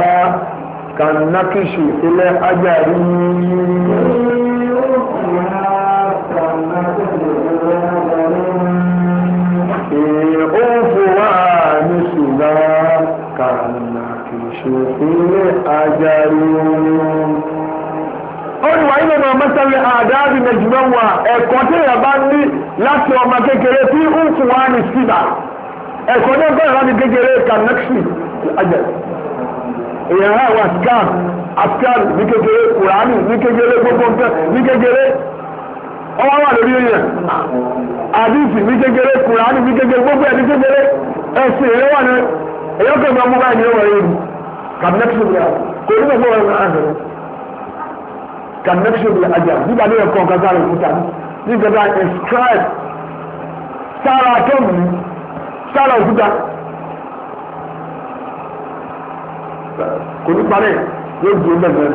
kànákìṣì ilẹ̀ ajárí Yeah. ṣòfin ajarun. ó ní wàá nílò mọ́sálẹ̀ àdáàbì mẹ́jìmẹ́wà ẹ̀kọ́ tí èèyàn bá ní láti ọmọ kékeré tí ó fún wa ní síbà ẹ̀kọ́ ní ọgbọ́n ìlànà kékeré kànẹ́kṣì ajẹ́ èèyàn rà wà scan afghan ní kékeré kùránì ní kékeré gbogbo nǹkan ní kékeré ọwọ́ wà lórí yẹn àdìsí ní kékeré kùránì ní kékeré gbogbo ẹ̀ ní kékeré ẹ̀sìn èrè wà ní èyí ó kẹ́ kàmínẹ́kìsì bìlà kò ní bẹ̀ fọwọ́ ẹ̀rọ àhẹ̀rẹ̀ kàmínẹ́kìsì bìlà àjà nígbà ní ẹ̀kọ́ kankan rẹ̀ kúta ní gbẹ̀dá inscribe sára atọ́mù sára òkúta kò ní parẹ́ yóò di ẹgbẹ́ mẹ́rin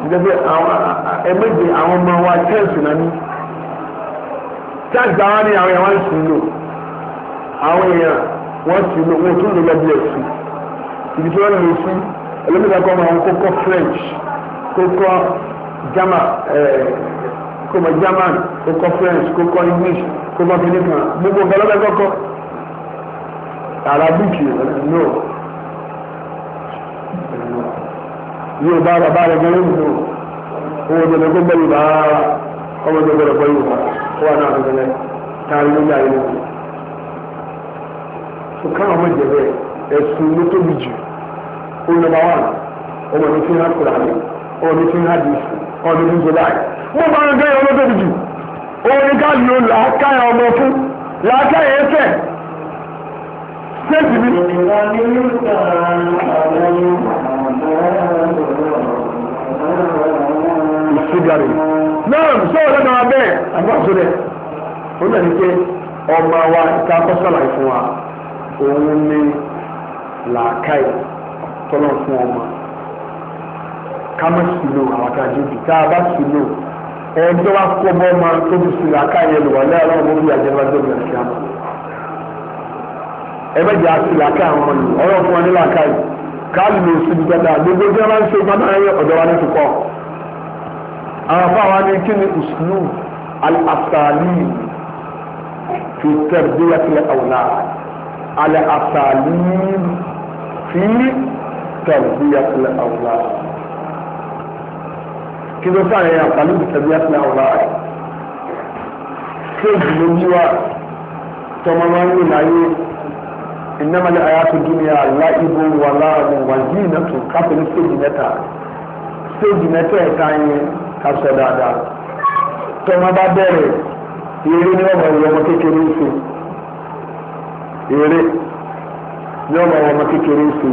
nígbàgbé ẹgbẹ́gbẹ́ àwọn ọmọ wa tẹ́ǹsì náà ní tẹ́ǹsì àwọn ni àwọn èèyàn wọ́n ń sùn lò àwọn èèyàn wọ́n sùn lò wọ́n tún lò lọ́bí ẹ̀sùn ibi tí wọ́n lè lò fún ẹlẹ́mìíràn kọ́ máa kó kọ́ French kó kọ́ German kó mọ German kó kọ́ French kó kọ́ English kó kọ́ kìnnì kan gbogbo nǹkan lọ́dọ̀ kọ́kọ́ Arabic no yóò bá bàbá rẹ̀ gan lóhùn no owó ìjọba kó gbẹ́ Yorùbá ọmọ ìjọba rẹ̀ gbẹ́ Yorùbá ó wà náà àgbẹ̀lẹ̀ káàrí lórí ayélujára. Sọ̀kà àwọn ìjẹ̀bẹ̀ ẹ̀sùn ló tóbi jù olùbá wà lọ ọmọ mi fi hàn kúrò àná ọmọ mi fi hàn dìísì ọmọ mi fi jẹ báyìí. mo máa ń gbé ọmọ tóbi jù orin ká lo làákàyà ọmọ fún làákàyà ẹsẹ̀ sẹ́ẹ̀tì mi. ìṣúgàrì náà sọ̀rọ̀ lẹ́nu abẹ́ àgbàsọ ó lẹ́nu pé ọmọ wa ìka kọ́sọ̀lá ìfún wa òun ni làákàyà tọ́lọ̀ fún ọmọ ká má sùlò àwọn àtàjù bì tá a bá sùlò ẹjọ́ wa kó bọ́ ọmọ tó fi sùlò àkáyẹ lò wà ní àwọn ọmọ bí àjẹbájọ́ bí àti àmọ́ ẹ bẹ́ẹ̀ jẹ́ àsùlò àkáyẹ àwọn ọmọ yìí ọ̀rọ̀ fún wa nílò àkáyẹ ká lò síbi dáadáa gbogbo tí wọ́n ń ṣe ìgbà náà yẹ ọ̀dọ́ wa ní ti àwọn afọ àwọn ní kí ni uslu al fi tarbiyati al-awlad al-asali تربية الأولاد كده فعلا يا قلوب تربية الأولاد كيف نجوى تماما من أيه إنما الآيات الدنيا لعب ولعب وزينة كافر سجنتا سجنتا كان كافر دادا tọmọ bá bẹ̀rẹ̀ eré ní ọmọ ìwọ ọmọ kékeré ń ṣe eré ní ọmọ ìwọ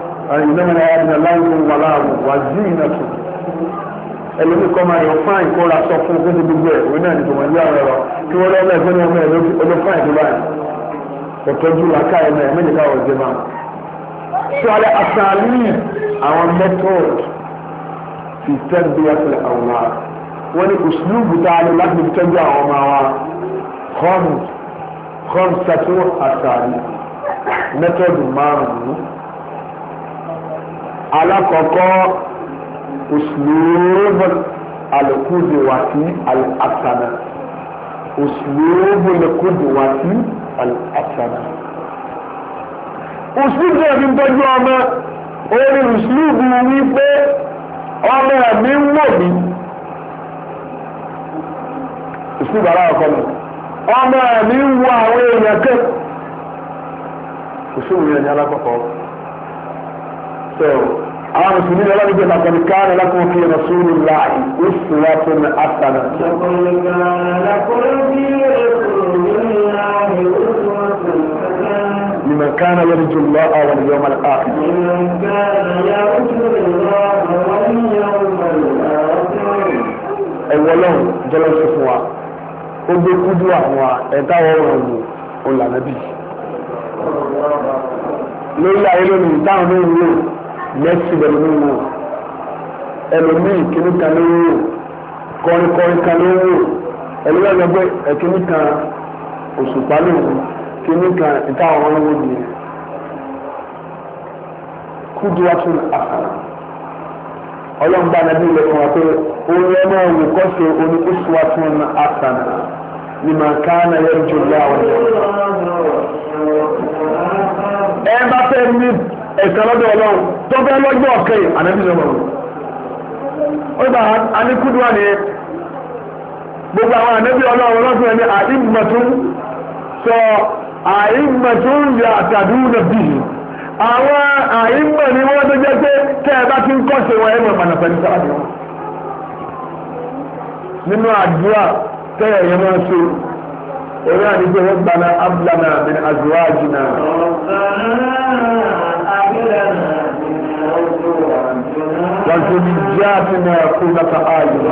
ìnáwó ayélujára láwùjọ wà láàbò wà jí ìnàtò ẹlòmí kọ́ máa yọ fáìn kó ra sọ fún fún gbogbo ẹ̀ òun náà nìkan wọ́n yá ọ̀rọ̀ lọ kí wọ́n lọ́ọ́ lẹ́gbẹ́ ní ọmọ ẹ̀ lọ́jọ́ fáìn tó báyìí ọ̀tọ́jú làákà ẹ̀ náà ẹ̀mí nìkan ọ̀jẹ̀ máa. sọ́ọ́lẹ̀ àtàlí àwọn method àwọn wa wọ́n àwọn ọmọ wa kọ́ọ̀mù kọ́ọ̀mù sàtó àtàlí method márùn-ún alákọ̀ọ́kọ́ òṣùlùmọ́ alùkùdù wà sí àṣànà òṣùlùmọ́ alùkùdù wà sí àṣànà. òṣùlùmọ́ fi ń tọ́jú ọmọ orí òṣùlùmọ́ wípé ọmọ mi ń wò mí òṣùlùmọ́ aláwọ̀kọ́ mi ọmọ mi ń wo àwọn èèyàn kẹ́ òṣùlùmọ́ yẹn ni alákọ̀ọ́kọ́ so àwọn mùsùlùmí lọ́wọ́ níbi laqad kana lakum fi rasulillahi uswatun hasanah. لمن كان يرجو الله واليوم الآخر لمن كان يرجو الله واليوم الآخر أولا جل وعلا ó gbé kúdú àwọn ẹ̀dá ọ̀rọ̀ ọ̀lù ọ̀lànàbí lórí ayélujára dáhùn lórí lórí lẹ́sìn lẹ́nu mímu ẹlòmíì kìíní kan ló wò kọrin kọrin kan ló wò ẹlòmíì lọ pé ẹkìíní kan òṣùpá ló wò kìíní kan ìta àwọn ọmọ wò yẹn kúdu wá tún àkàrà ọlọ́mùbá nàbí ilẹ̀ kan wá pé orí ọmọ òwò kọ́ ṣe oní oṣù wá tún àkàrà ni màá ká náà yẹ jù láwọn ẹ bá fẹ́ mi ẹ̀ka lọ́dọ̀ ọlọ́run tó bẹ́ẹ̀ lọ́gbọ́ ọ̀kẹ́ yìí ànábì lọ́wọ́ ni gbogbo àwọn ànábì ọlọ́run àwọn àìmọ̀ ni wọ́n tó jẹ́ pé tẹ́ ẹ bá ti ń kọ́ṣe wọn ẹ̀mọ̀ ìmọ̀nà pẹ̀lú sábàbí wọn nínú àdúrà tẹ́ ẹ̀yẹ máa ṣe òun náà ní pé wọ́n gbaná abúlánà àti àzúwájìnà. وذرياتنا قرة أعين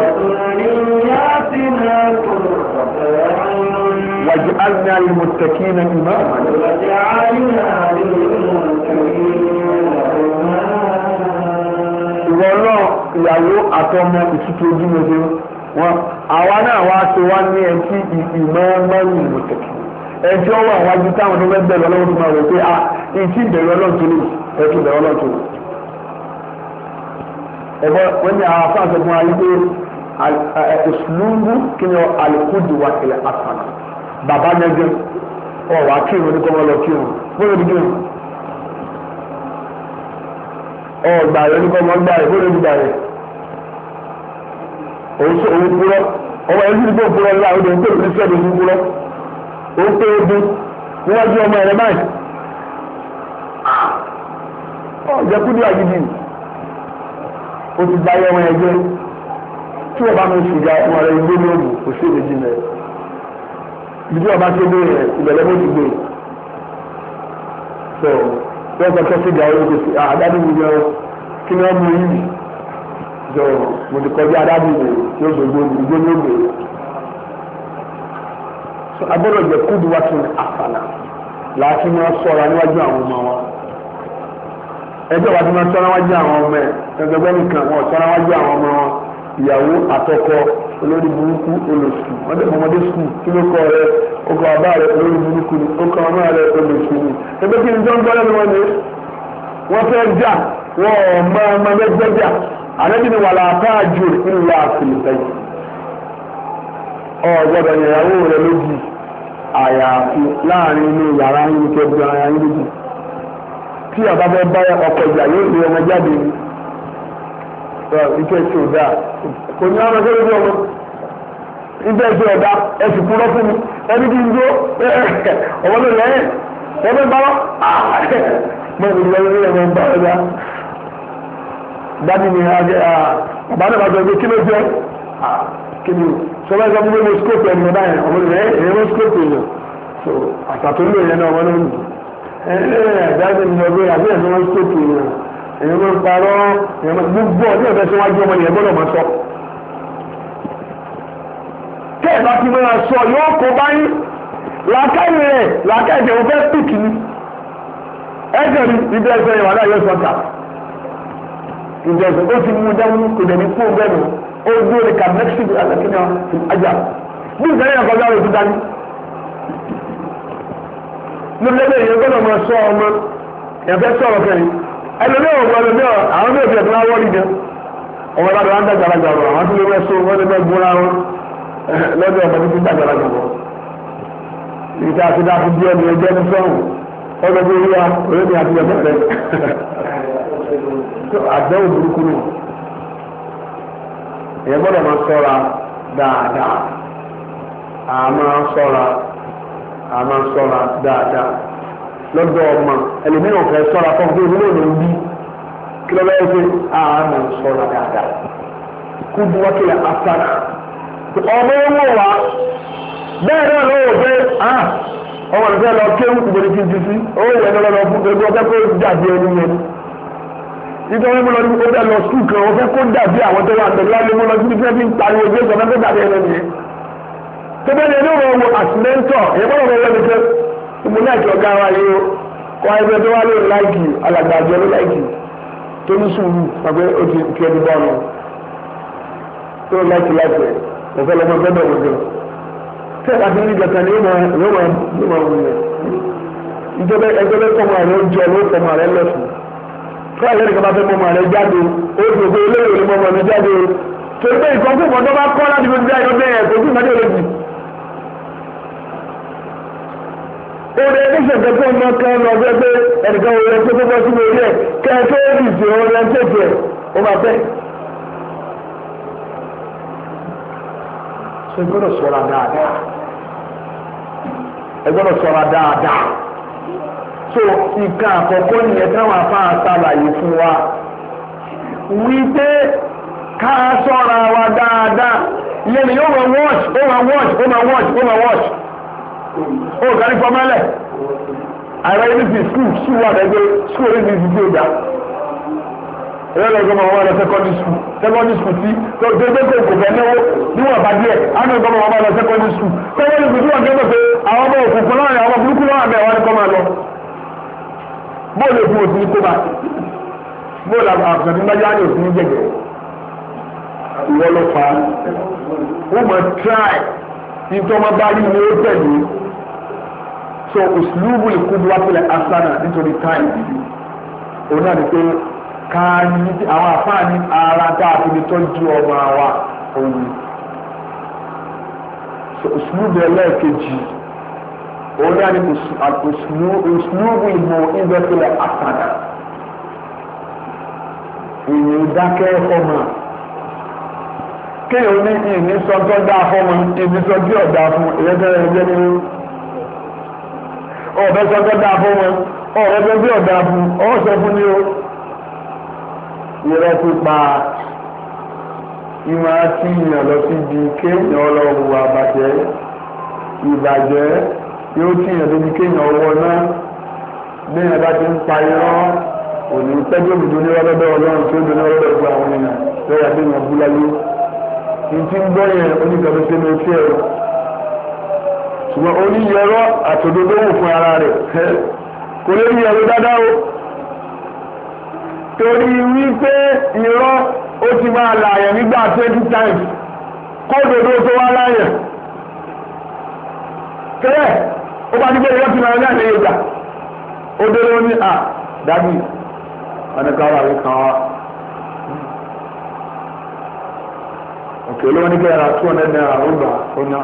واجعلنا للمتقين إماما ìwọ náà ìyàwó àtọmọ ìtútù ojú wọn náà wá ṣe wá ní ẹtí ìmọ̀ mọ́rin ìmọ̀tẹ̀kì ẹjọ́ wà wájú táwọn tó fẹ́ bẹ̀rẹ̀ ọlọ́run tó máa pé a ìtì bẹ̀rẹ̀ ọlọ́run tó lè ẹtì bẹ̀rẹ̀ ọlọ́run tó lè. ẹ̀fọ́ wọ́n ní àwọn afáàṣẹ fún wa kí ni alikudu wa ilẹ̀ asana bàbá nẹ́gẹ́ kírun ní òun tó òun kúrọ́ ọmọ ẹni tó kúrọ́ ńlá òun tó òun tó òun kúrọ́ òun tó egun níwájú ọmọ ẹ̀rẹ́ báyìí ọ̀jẹ̀ ah! kúndé àgídì o ti gba ẹyẹ wọn yẹn jẹ tí wọn bá mi sì ga ọmọ rẹ ìgbé lóògùn kò sí èdè jìnnà ibi tí wọn bá ti gbé yẹn ìbẹ̀lẹ̀ bó ti gbé so wọn kọ́ tẹ́sí ga ọ̀rọ̀ gbèsè àdáni mi gan kí ni wọ́n mú yìí jọ mo ti kọjá arábìnrin tí ó gbogbo ìgbó ní ògbè so agbọ́dọ̀ jẹ kúdu wá tún àfàlà láti máa ṣọ́ra níwájú àwọn ọmọ wa ẹjọ́ wa ti máa ṣọ́ra níwájú àwọn ọmọ ẹ ẹgbẹgbẹ nìkan wọn ṣọ́ra níwájú àwọn ọmọ wọn ìyàwó àtọkọ olórí burúkú olóṣù ọdẹ ọmọdé sùn kí ló kọ rẹ ọkọ bàbá rẹ olórí burúkú ni ọkọ ọmọ rẹ olóṣù ni ẹgbẹ́ kí ni jọ́ ń gbọ́ lẹ́nu wọn ni wọ́n fẹ́ jà wọ́n ọ̀ máa máa lẹ́gbẹ́ jà àlẹ́bí ni wà láàtà jù ìlú àfìlìfẹ́ ọ̀gbọ́dọ̀ ìyàwó rẹ lójú àyàfi láàrin inú yàrá yín tó bí ara yín lójú tí ọba fẹ́ bá ọkọ̀ ìjà yóò fi ọmọ jáde ìkẹ́ tí ò dáa kò ní ọmọ tó lójú ọmọ ìjẹ́ ìjẹ́ ọ̀dà ẹ sì kúrọ́ fún mi ẹni kí n jó ọmọ mi lẹ́yìn ẹ fẹ́ bá wọn mọ̀ mi lọ́wọ́ ẹ fẹ́ bá wọn dádì ni bàbá náà bá jọ pé kí ló jẹ́ ah, kí ni sọlá ìsọ fún mi mo scope ẹni ọ̀dá yẹn ọmọ rẹ̀ eh, èyí mo scope èèyàn so àtàtò ń lò yẹn náà wọ́n ló ń lò ẹ ẹ dáadé ni ọgbẹ́ àbí ẹ̀sọ́ mo scope èèyàn èyí mo parọ́ èyí mo gbogbo ọdún ẹ̀fẹ́ síwájú ọmọ yẹn gbọ́dọ̀ máa sọ tẹ́ ẹ̀ bá ti máa sọ yóò kó báyìí làákàyè rẹ̀ làákàyè rẹ̀ ò fẹ́ pìkì ni ẹ̀jẹ̀ ni ibi ẹ̀sẹ̀ yẹn wà láyé sọ́ta ìjọsìn ó ti mú dání kò dẹ̀ ní kú bẹ́ẹ̀nu ó gbére ka mexico àtàkìnyà ti ajá bí ìgbàlẹ̀ yẹn kọjá rẹ̀ ti dání. lórílẹ̀ èyí gbọ́dọ̀ máa sọ ọmọ ẹ̀fẹ́ sọ̀rọ̀ kẹrin ẹlòmíràn ọmọ ẹlòmíràn àwọn méjì ẹ̀fẹ́ náà wọ́ọ̀lì jẹ ọmọ ẹ̀dá wọn dàgbà jàrọ̀ àwọn tó lè wẹ́ so wọ́n lè fẹ́ gbóra wọn lọ́dọ̀ ọmọ títí dàgbà jàrọ̀ ìta àti dáa fún ní ẹjẹ́ ní sọ́hùn ọgbẹ́gbẹ́ orí wa orí mi àti ẹ̀fẹ́ rẹ̀ àdánwò burúkú nù èèyàn gbọ́dọ̀ máa sọ́ra dáadáa a máa sọ́ra a máa sọ́ra dáadáa lọ́dọ̀ ọmọ ẹlòmíràn fẹ́ sọ́ra fún bí ìwúlò ló ń bí kí lọ́wọ́ ẹ ṣe a máa sọ́ra dáadáa kú bu wákìlẹ̀ afárá ọmọ owó wa bẹ́ẹ̀ náà lọ́wọ́ pé ah, ọmọ ìfẹ́ lọ kéwù ìgbèrè kìí ti sí ó yẹ lọ́lọ́ fún gbogbo ọjọ́ pé dàbí ẹni yẹn nígbà wọn mú lọ níbi kó bẹ́ẹ̀ lọ sùn kan wọn fẹ́ kó dàbí àwọn tó wà ń bẹ̀rẹ̀ láti mú lọ síbi tí wọ́n fi ń pariwo bí ẹ̀sọ́ fẹ́ dàbí ẹ̀rọ nìyẹn. tó bẹ́ẹ̀ ni ẹni wọn wo àtìmẹ́ńtọ̀ ìyẹn bọ́lá wọn lọ́ni pé mo náà jọ gára yìí o kọ́ ẹgbẹ́ tó wá lóun láìkì alàgbà àjọ ló láìkì tó ní sùúrù pàpẹ́ ó ti fi ẹni bọ́ ọ̀nà tó láìkì láìkì mo fẹ́ lọ́mọ fẹ́ bẹ̀rẹ̀ gbọ́ tẹ́lá ti ní ìjọta ni yóò máa wù yẹn ìjọba ẹgbẹ́ lọ́kọ̀ọ́ rẹ̀ ó kọ́ ìlẹ́rìí kan bá fẹ́ mọ́mọ́ rẹ jáde ó ti òkú olóyè ní mọ́mọ́ rẹ jáde torí pé ìkan fún ìkan tó bá kọ́ láti fi jáde ọdún ẹ̀ kò sí ìmọ̀dé olójì. Ore ní ṣẹ̀fẹ̀ fún ọmọ kan lọ fẹ́ pé ẹnìkan òun ẹni tó tó bọ́ sínú orí ẹ̀ kẹ́kẹ́ ìdìbò òun ẹni tó jẹ ó máa fẹ́. Ṣé gbọ́dọ̀ sọ̀rọ̀ dáadáa? Ẹ gbọ́dọ̀ sọ̀rọ̀ dáadáa so nǹkan àkọ́kọ́ nìyẹn táwọn afáà ṣàlàyé fún wa wípé ká sọ́ra wa dáadáa lèmi ó máa watch ó máa watch ó máa watch ó máa watch ó kárí fọmọ́lẹ̀ àìrọ ibi ti skul skul wà lẹ́gbẹ́ skul orí mi ti di ọjà ìrẹ́lẹ̀ ọgbọ́n wọn lọ secondary school secondary school tí tó dé pé kò kò fẹ́ náwó níwọ̀n bá díẹ̀ àmì ọgbọ́n wọn lọ secondary school secondary school tí wọ́n gẹ́gẹ́ pé àwọn ọmọ òkùnkùn láàrin àwọn burúkú láàrin àwọn ẹ̀wọ̀n bóòlù òfin òfin kó bá bóòlù àbùsàn tí ń bá yá ní òfin jẹjẹ ìwọ ló fa wọn mọ tíráì nítorí wọn bá rí ní ó tẹ̀lé so òṣìlúùbù lè kú bí wá sílẹ̀ asana nítorí táì òun náà ni pé ká ní àwọn àfáàní ara dáàbò ní tọ́jú ọmọ àwa òun òṣìlúùbù ẹlẹ́ẹ̀kejì òun náà ni ìsúnúbù ìmọ̀ ìgbẹ́sílẹ̀ àtàkà ìyìn dákẹ́ fọmọ kéèyàn ní ìyìn sọjọ́ dáa fọmọ ìyìn sọjọ́ ọ̀dà fún ìrẹ́gbẹ́rẹ́ ẹgbẹ́ ní ọ̀bẹ sọjọ́ dáa fọmọ ọ̀rẹ́gbẹ́ bí ọ̀dà fún ọ̀sẹ̀ fún ni o ìrẹ́ ti pa ìmọ̀ àti ìyàn lọ síbi kéèyàn ọlọ́run àbàjẹ́ ìbàjẹ́ yóò tìyàn lóbi kéèyàn ọwọ́ náà bí ẹ bá ti ń pa irọ́ òní tẹ́jú òbí tó níwá lọ́dọ̀ ọlọ́run tí ó dún níwá lọ́dọ̀ gbogbo àwọn èèyàn lọ́yà bí wọn bú láyé ní ti ń gbọ́ yẹn oníkàtó sí ló tí ẹ̀rọ ṣùgbọ́n oníyẹ̀rọ àtòdodo wò fún ara rẹ̀ kò lè yẹ ẹ̀rọ dáadáa o torí wípé irọ́ ó ti máa lààyàn nígbà twenty times kọ́dodo tó wá láàyàn. kẹ́rẹ́ ó bá ní pé ìyá ti máa ń láàyè ìgbà ó délé ó ní à dájú ọ̀nàkàrà rẹ̀ kàn wá. òkè ló ní kẹ́ra two hundred naira ó gbà ó ná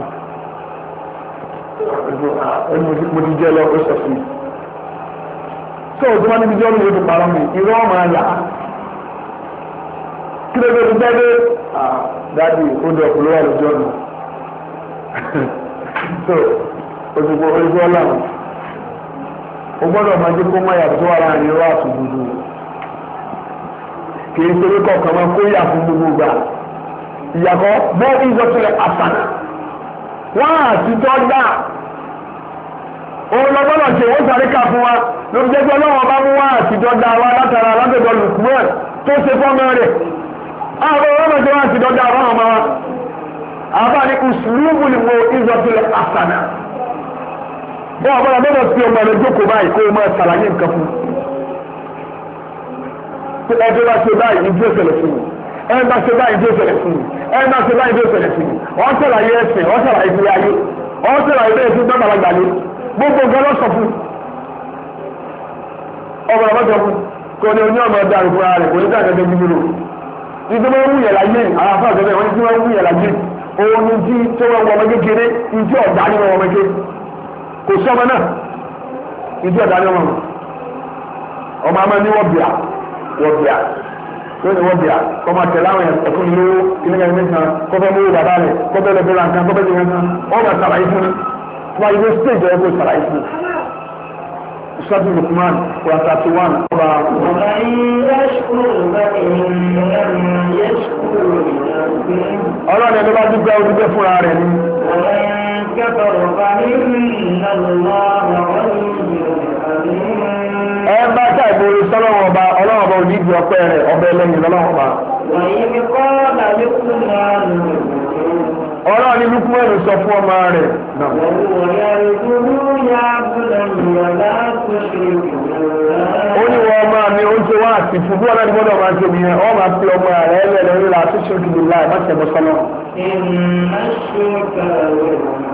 mo ti jẹ́ lọ ó sọ fún mi. tó o tó wá níbi jọ́ mi yóò fi parọ́ mi irọ́ máa yà á kí ló dé tó dé dájú ó dọ̀kú ló wà lójú ojúgbò ojú ọlọ́run o gbọ́dọ̀ máa jẹ́ kó máa yàtọ̀ ara rẹ̀ wá àtúndùdù kì í ṣe wípé ọkàn máa kó yà fún gbogbo gbà ìyàkọ́ bẹ́ẹ̀ ní ìjọsílẹ̀ àtàná wọ́n àtijọ́ dà òun lọ́gbọ́dọ̀ ṣe wọ́n sáré kà fún wa ló ń jẹ́jọ́ lọ́wọ́ bá mú wá àtijọ́ dà wá látara látọ̀dọ̀ lùkúrẹ́ tó ṣe fọ́mọ rẹ̀ àwọn wọ́n ọmọ wọn àbọ̀dà bẹ́ẹ̀ bọ̀ sí ọmọ rẹ̀ jókòó báyìí kó o máa ṣàlàyé nǹkan fún un ẹgbẹ́ bá ṣe báyìí ní bí ó ṣẹlẹ̀ fún un ẹ bá ṣe báyìí tó ṣẹlẹ̀ sí mi ẹ bá ṣe báyìí tó ṣẹlẹ̀ sí mi ọ ṣàlàyé ẹsẹ̀ ọ ṣàlàyé ìfúri ayé ọ ṣàlàyé bẹ́ẹ̀ fún gbàgbàlagbà ni gbogbo nǹkan lọ sọ fún ọmọ ọmọ sọ fún kò ní oní ọmọ ọdọ àrùkù ara rẹ kò ní káàkiri ẹgbẹ́ gbígbó ìdí wọn wúyẹ láyé àwọn afọ àgbẹ̀bẹ̀ wọn ti wọn wúyẹ láyé òun ti tó wọn wọ kò sọ́mọ náà ìdí ẹ̀dá ni ọmọ ọmọ àmọ́ ní wọ́n bìà wọ́n bìà tó ní wọ́n bìà ọmọ àtẹ̀lé àwọn ẹ̀kún ní owó kíníkà ní kan kọ́fẹ́ mú bàbá rẹ̀ kọ́fẹ́ lọ bẹ́ẹ̀ nǹkan kọ́fẹ́ lọ ọmọ sàlàyé fún wa ìwé stage ẹ̀ kó sàlàyé fún lukman wa thirty one ọba. ọ̀gá ilé ṣùkúrù bá ọlọ́run ẹni كفر فإن الله ẹ bá ṣàìborí sọ́lọ́wọ́ ọba ọlọ́wọ́ ọba òjijì ọpẹ́ rẹ̀ ọbẹ̀ lẹ́yìn lọ́lọ́wọ́ ọba. ọlọ́run ní lukumẹ́nu sọ fún ọmọ rẹ̀. ó ní wọ́n ọmọ mi ó ń ṣe wá àti fún bí wọ́n náà gbọ́dọ̀ máa ń ṣe nìyẹn ọ́ máa fi ọmọ rẹ̀ ẹlẹ́rìí la ṣe òkìlì láì má ṣe bọ́ sọ́lọ́. ìrìn máa ṣe ọ̀gá rẹ̀.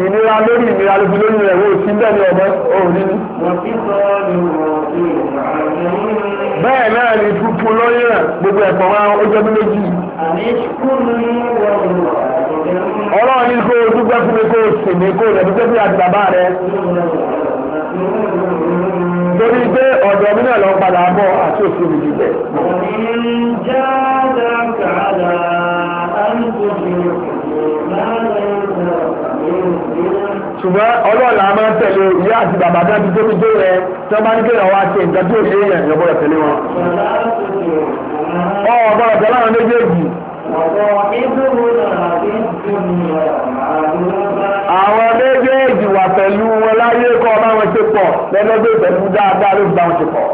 ìnira lórí ìnira lóbi lórí rẹ̀ wò sí bẹ́ẹ̀ ni ọmọ òun nínú. bẹ́ẹ̀ náà ni fúnfún lóyún rẹ̀ gbogbo ẹ̀kọ́ wa ó jẹ́ bí méjì. ọlọ́run ní kó o dúpẹ́ fún mi kó o sì mí kó o lẹ̀ dúpẹ́ fún àti bàbá rẹ̀. torí pé ọ̀dọ̀ mi náà lọ padà bọ̀ àti òṣèlú jù bẹ́ẹ̀. ṣùgbọ́n ọlọ́ọ̀la máa ń tẹ̀lé ìyá àti bàbá dájú tó ti dé rẹ tó bá ní kéèyàn wá ṣe nǹkan tí ò ṣe èèyàn ìyọ̀ gbọ́dọ̀ tẹ̀lé wọn. ọ̀ gbọ́dọ̀ tẹ̀lé àwọn méjèèjì. àwọn méjèèjì wà pẹ̀lú wọn láyé kọ́ ọ báwọn ṣe pọ̀ lẹ́lẹ́gbẹ́ pẹ̀lú dáadáa ló bá wọn ṣe pọ̀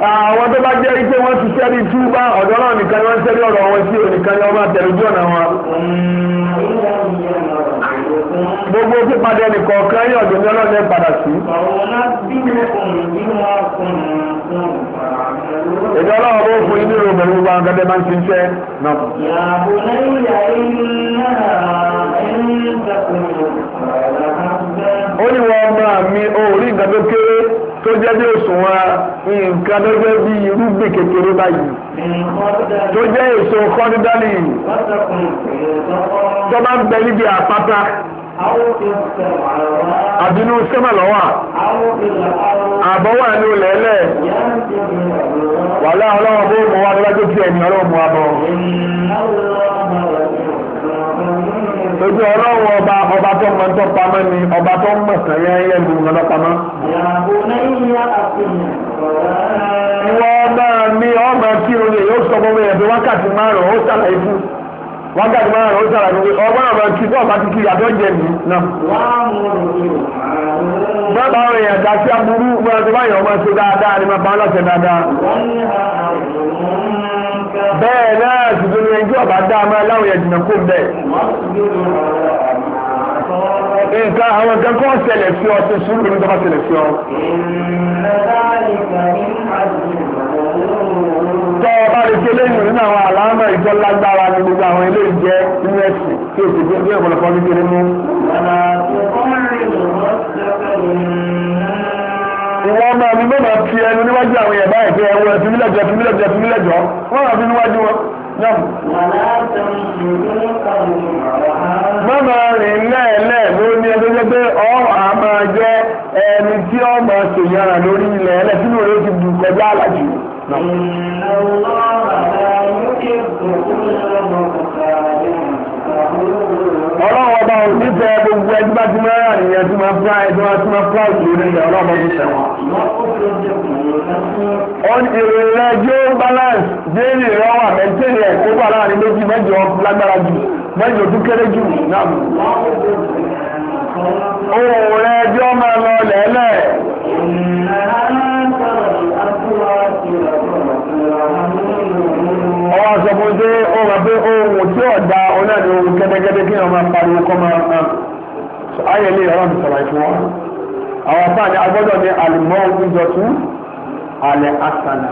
àwọn tó bá jẹ́ ike wọ́n ti sẹ́rí túbá ọ̀dọ́ náà nìkan wọ́n sẹ́rí ọ̀rọ̀ wọn sí onìkan ni wọ́n máa tẹ̀lé ojú ọ̀nà wọn. gbogbo pípadà ẹnìkan kan yóò dùn ní ọlọ́run padà sí. èdè ọlọ́run bó fún inú ìròbọ̀ ní gbogbo àwọn máa ń ṣiṣẹ́ náà. ìyàbò lẹ́yìn àyè náà ẹni ń sàkóso. ó ní wọn máa mi orí nǹkan tó kéré tó jẹ́ bí òṣùwọ̀n nǹkan tó jẹ́ bí irúgbìn kékeré báyìí tó jẹ́ èso kọ́ndídálì tó bá ń bẹ níbi àpáta àbínú sẹ́mà àbọ̀wà ní olè ẹlẹ́ wàhálà ọlọ́wọ́ bó mọ̀ wá lọ́jọ́ tí ẹ̀yìn ọlọ́wọ́ mọ̀ abọ́. ojú ọlọ́run ọba ọba tó mọ tó pamọ́ ni ọba tó ń mọ̀sán yẹn yẹn lu ọ̀nà pamọ́. ìwọ ọba mi ọmọ kí o lè yóò sọ gbogbo ẹ̀bí wákàtí márùn-ún ó ṣàlàyé fún wákàtí márùn-ún ó ṣàlàyé fún ọmọ jẹ náà. àwọn èèyàn dá sí aburú ọmọ dáadáa ni bẹ́ẹ̀ náà ṣùgbọ́n ní ẹjọ́ ọ̀bá dá máa láwọn ẹ̀dùnà kó bẹ́ẹ̀. nǹkan àwọn nǹkan kọ́ ṣẹlẹ̀ sí ọ tó sùúrù ní tọ́ka ṣẹlẹ̀ sí ọ. tọ́ ọba lè ṣe lẹ́yìn nínú àwọn àlámà ìjọ lágbára ní gbogbo àwọn ilé ìjẹ́ nínú ẹ̀sìn tí o sì gbé ọ̀pọ̀lọpọ̀ nítorí mú. ọ̀nà àti ọ̀pọ̀ mẹ́rin ló ń ìwọ ọmọ mi ló máa fi ẹnu níwájú àwọn èèyàn báyìí pé ẹwọ ẹfi mi lẹ́jọ́ ẹfi mi lẹ́jọ́ ẹfi mi lẹ́jọ́ wọn máa fi níwájú wọn. mọ́mọ rìn lẹ́ẹ̀lẹ́ ló ní ẹgbẹ́ jẹ́ pé ọ́ àá máa jẹ́ ẹni tí ọ́ máa ṣèyàrá lórí ilẹ̀ ẹlẹ́ sínú rẹ̀ ti dùn kọjá alájú. ọlọ́run nífẹ̀ẹ́ gbogbo ẹjú bá ti máa rìn ẹjú máa fún ẹjú máa tún máa fún àìsí lórí ilẹ̀ ọlọ́run tó tẹ̀wọ̀n. wọ́n ti rè rẹ jó balance déèrè rẹ wà mẹ́tẹ́rì ẹ̀ kó wà láàrin méjì mẹ́jọ lágbára jù mẹ́jọ tó kéré jù náà. ohun rẹ jọ máa lọ wá sọ fún pé ó rọ pé ohun tí ọ̀dà onáàdì ohun kẹ́tẹ́kẹ́tẹ́ kí wọ́n máa pariwo kọ́ máa hàn ah, ayé ilé ọ̀rọ̀ mi sọ̀rọ̀ ìfún wọn. àwọn afáà ni agbọ́dọ̀ ní àlùmọ́ ìjọ tún alẹ́ asana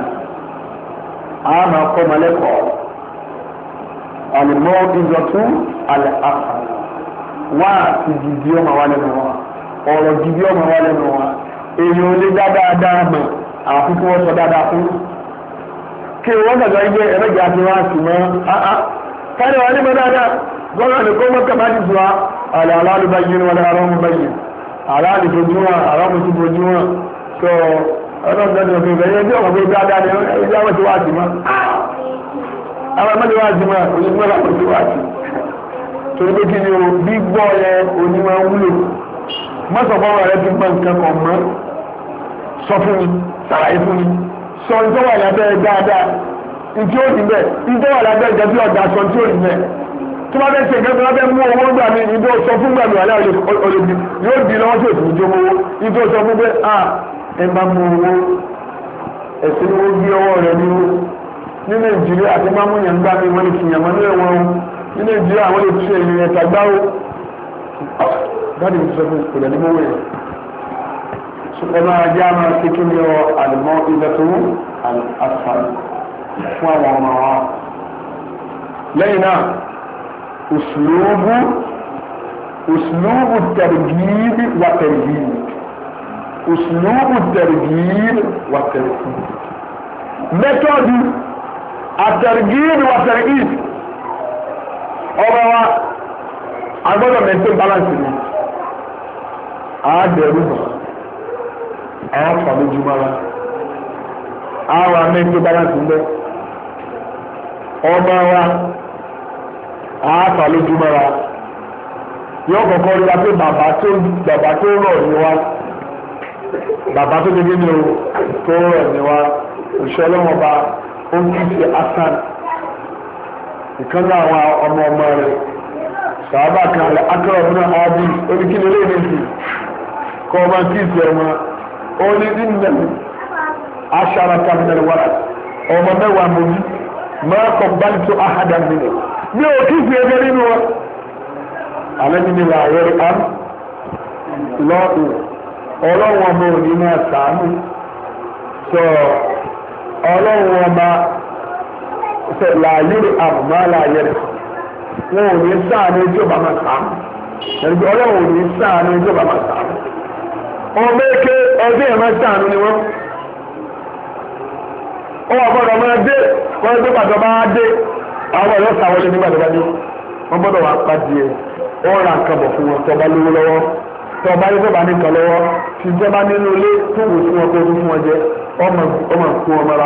àmà kọ́ malẹ́kọ̀ọ́ àlùmọ́ ìjọ tún alẹ́ asana wá àti gidi ọmọ wa lẹ́nu wa ọ̀rọ̀ gidi ọmọ wa lẹ́nu wa èèyàn ò lè dá dáadáa mọ̀ àfi kí sọ dáadáa fún kí wọ́n gbàgbọ́ ẹgbẹ́ ẹ̀rẹ́jà tí wọ́n á sì mọ́ áá kárí wọn nígbà dáadáa gọ́nà ní kó mọ́kà bá ti sọ àlẹ́ aláàlú bá yín wọn ará wọn bá yín aláàlú fojú wọn ará wọn ti fojú wọn tó ọlọ́run tó ti sọ pé ìgbẹ́yẹ bí ọmọ pé dáadáa ni ẹgbẹ́ wọn ti wá sí mọ́ àwọn ọmọdé wá sí mọ́ onígbọ́n o ti wá sí torí pé kí ni o bí gbọ́ yẹ onímọ̀ wúlò mọ́sọ̀fọ́wọ́ rẹ ti gbọ́ nǹkan kan mọ́ sọ fún mi sàlàyé fún mi sọ ní tó wà lábẹ́ dáadáa ìdí ó níbẹ̀ ìdí wà lábẹ́ ìjẹ́bí ọ̀dà sọ tí ó níbẹ̀ tó bá fẹ́ ṣe ìgbẹ́ tó bá fẹ́ mú owó gbà mí ìdí ó sọ fún gbà mí wàlẹ́ olùbí yóò di lọ́wọ́ tó tún jó owó ìdí ó sọ fún pé à ẹ bá mú owó ẹ̀sìn owó gbé ọwọ́ rẹ ní ní nàìjíríà tó bá mú yẹn gbà mí wọ́n lè fi yàn mọ́ ní ẹ̀wọ̀n ní nàìjíríà wọ́n lè fi ẹ̀yìn ẹ̀ta gbáwó ẹ máa jẹ́ àmà sí kí ni ọ àlùmọ́ ilẹ̀ tó àṣàn fún àwọn ọmọ wa lẹ́yìn náà uslubu uslubu targhib wa tarhib uslubu targhib wa tarhib mẹ́tọ́dù àtẹ̀rìgìrì wà tẹ̀rìgìrì ọ̀rọ̀ wa agbọ́dọ̀ maintain balance ni àádẹ́rù hàn àwọn kan lójú mọ́ra àwọn amẹ́ńtó balance ń ọmọ wa àáfà lójú mọ́ra yóò kọ́kọ́ rí wa pé bàbá tó bàbá tó rọ̀ ní wa bàbá tó dédé ní o tó rọ̀ ní wa òṣìṣẹ́ ọlọ́wọ́n ó ń asan àwọn ọmọ ọmọ rẹ sàábà kan fún òní dín mẹ́rin aṣaraka mẹ́rin wàrà ọmọ mẹ́wàá mọ̀ ní máa kọ̀ báyìí tó ahàdà nínú mi ò kí fi ẹgbẹ́ nínú wa alẹ́ ní mi là yọrí am lọ́ọ̀dù ọlọ́wọ́n ọmọ òní máa sàánú sọ ọlọ́wọ́n ọmọ là yọrí am máa là wọn ò ní sáà ojú ọba máa sàánú ẹni pé ò ní sáà ojú ọba máa sàánú. bụ eke ẹgbẹ́ ẹ̀ máa dànù ni wọ́n ó wà máa dé wọ́n gbé pàtó bá dé àwọn nígbà tó wọ́n wà wọ́n ra nǹkan bọ̀ fún wọn tó bá lówó lọ́wọ́ tó bá yẹ nìkan lọ́wọ́ tí bá nínú ilé tó fún wọn tó fún wọn jẹ fún wọn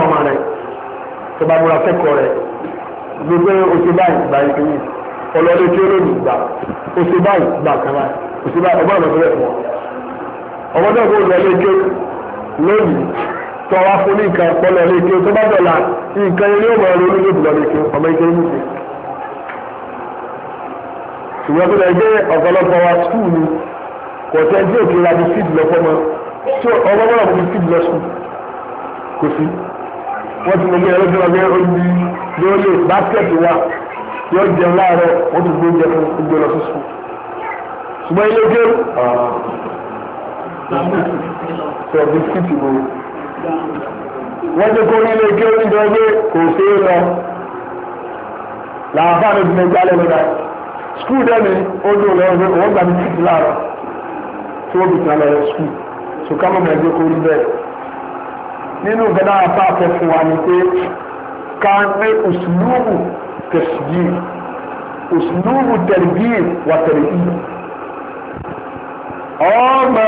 àwọn tó bá múra kẹ́kọ̀ọ́ rẹ̀ gbogbo oṣù báyìí gba ìpínlẹ̀ ọlọ́dún tí ó lòdì gbà oṣù báyìí gbà kan báyìí oṣù báyìí ọgbọ́n ọ̀dọ́ sílẹ̀ fún ọ ọmọdé ọgbọ́n ọ̀dọ́ léke lónìí tó wá fún ní nǹkan ọpọlọ léke tó bá dọ̀la nǹkan eré ọmọ ẹ̀rọ olóyè jùlọ léke ọmọ ìkéré nìke ṣùgbọ́n tó dẹ̀ gbé ọ̀pọ̀lọpọ̀ wa skul ni kò tẹ́ tí òkè la ti fíìdì lọ fọ́mọ tí ọmọ mọ́ra mo ti fíìdì lọ skul kò sí wọ́n ti mọ̀gbẹ́ ẹ̀rọ jọba bẹ́ẹ̀ ojú yóò lè báskẹ̀tì wa yóò jẹun láàárọ̀ wọ́n ti gbé oúnjẹ fún gbogbo lọ sísun ṣùgbọ́n ilé gé sọ bisikíìtì wo wọ́n ti kó ilé gé oúnjẹ gbé kò sí lọ làáfà ní ìdílé jálẹ̀ lọ́dà skul dẹ́ni ó dùn lọ́wọ́ pé wọ́n gba bisikíìtì láàárọ̀ tí wọ́n bìtì náà lọ skul ṣùkámọ́ mọ̀ ẹgbẹ́ kó rí bẹ́ẹ̀ nínú ìgbẹ́lá apá àfẹ́fún wa ni pé ká ní òsùlùmù tẹ̀síyì òsùlùmù tẹ̀lìyì wà tẹ̀lìyì ọmọ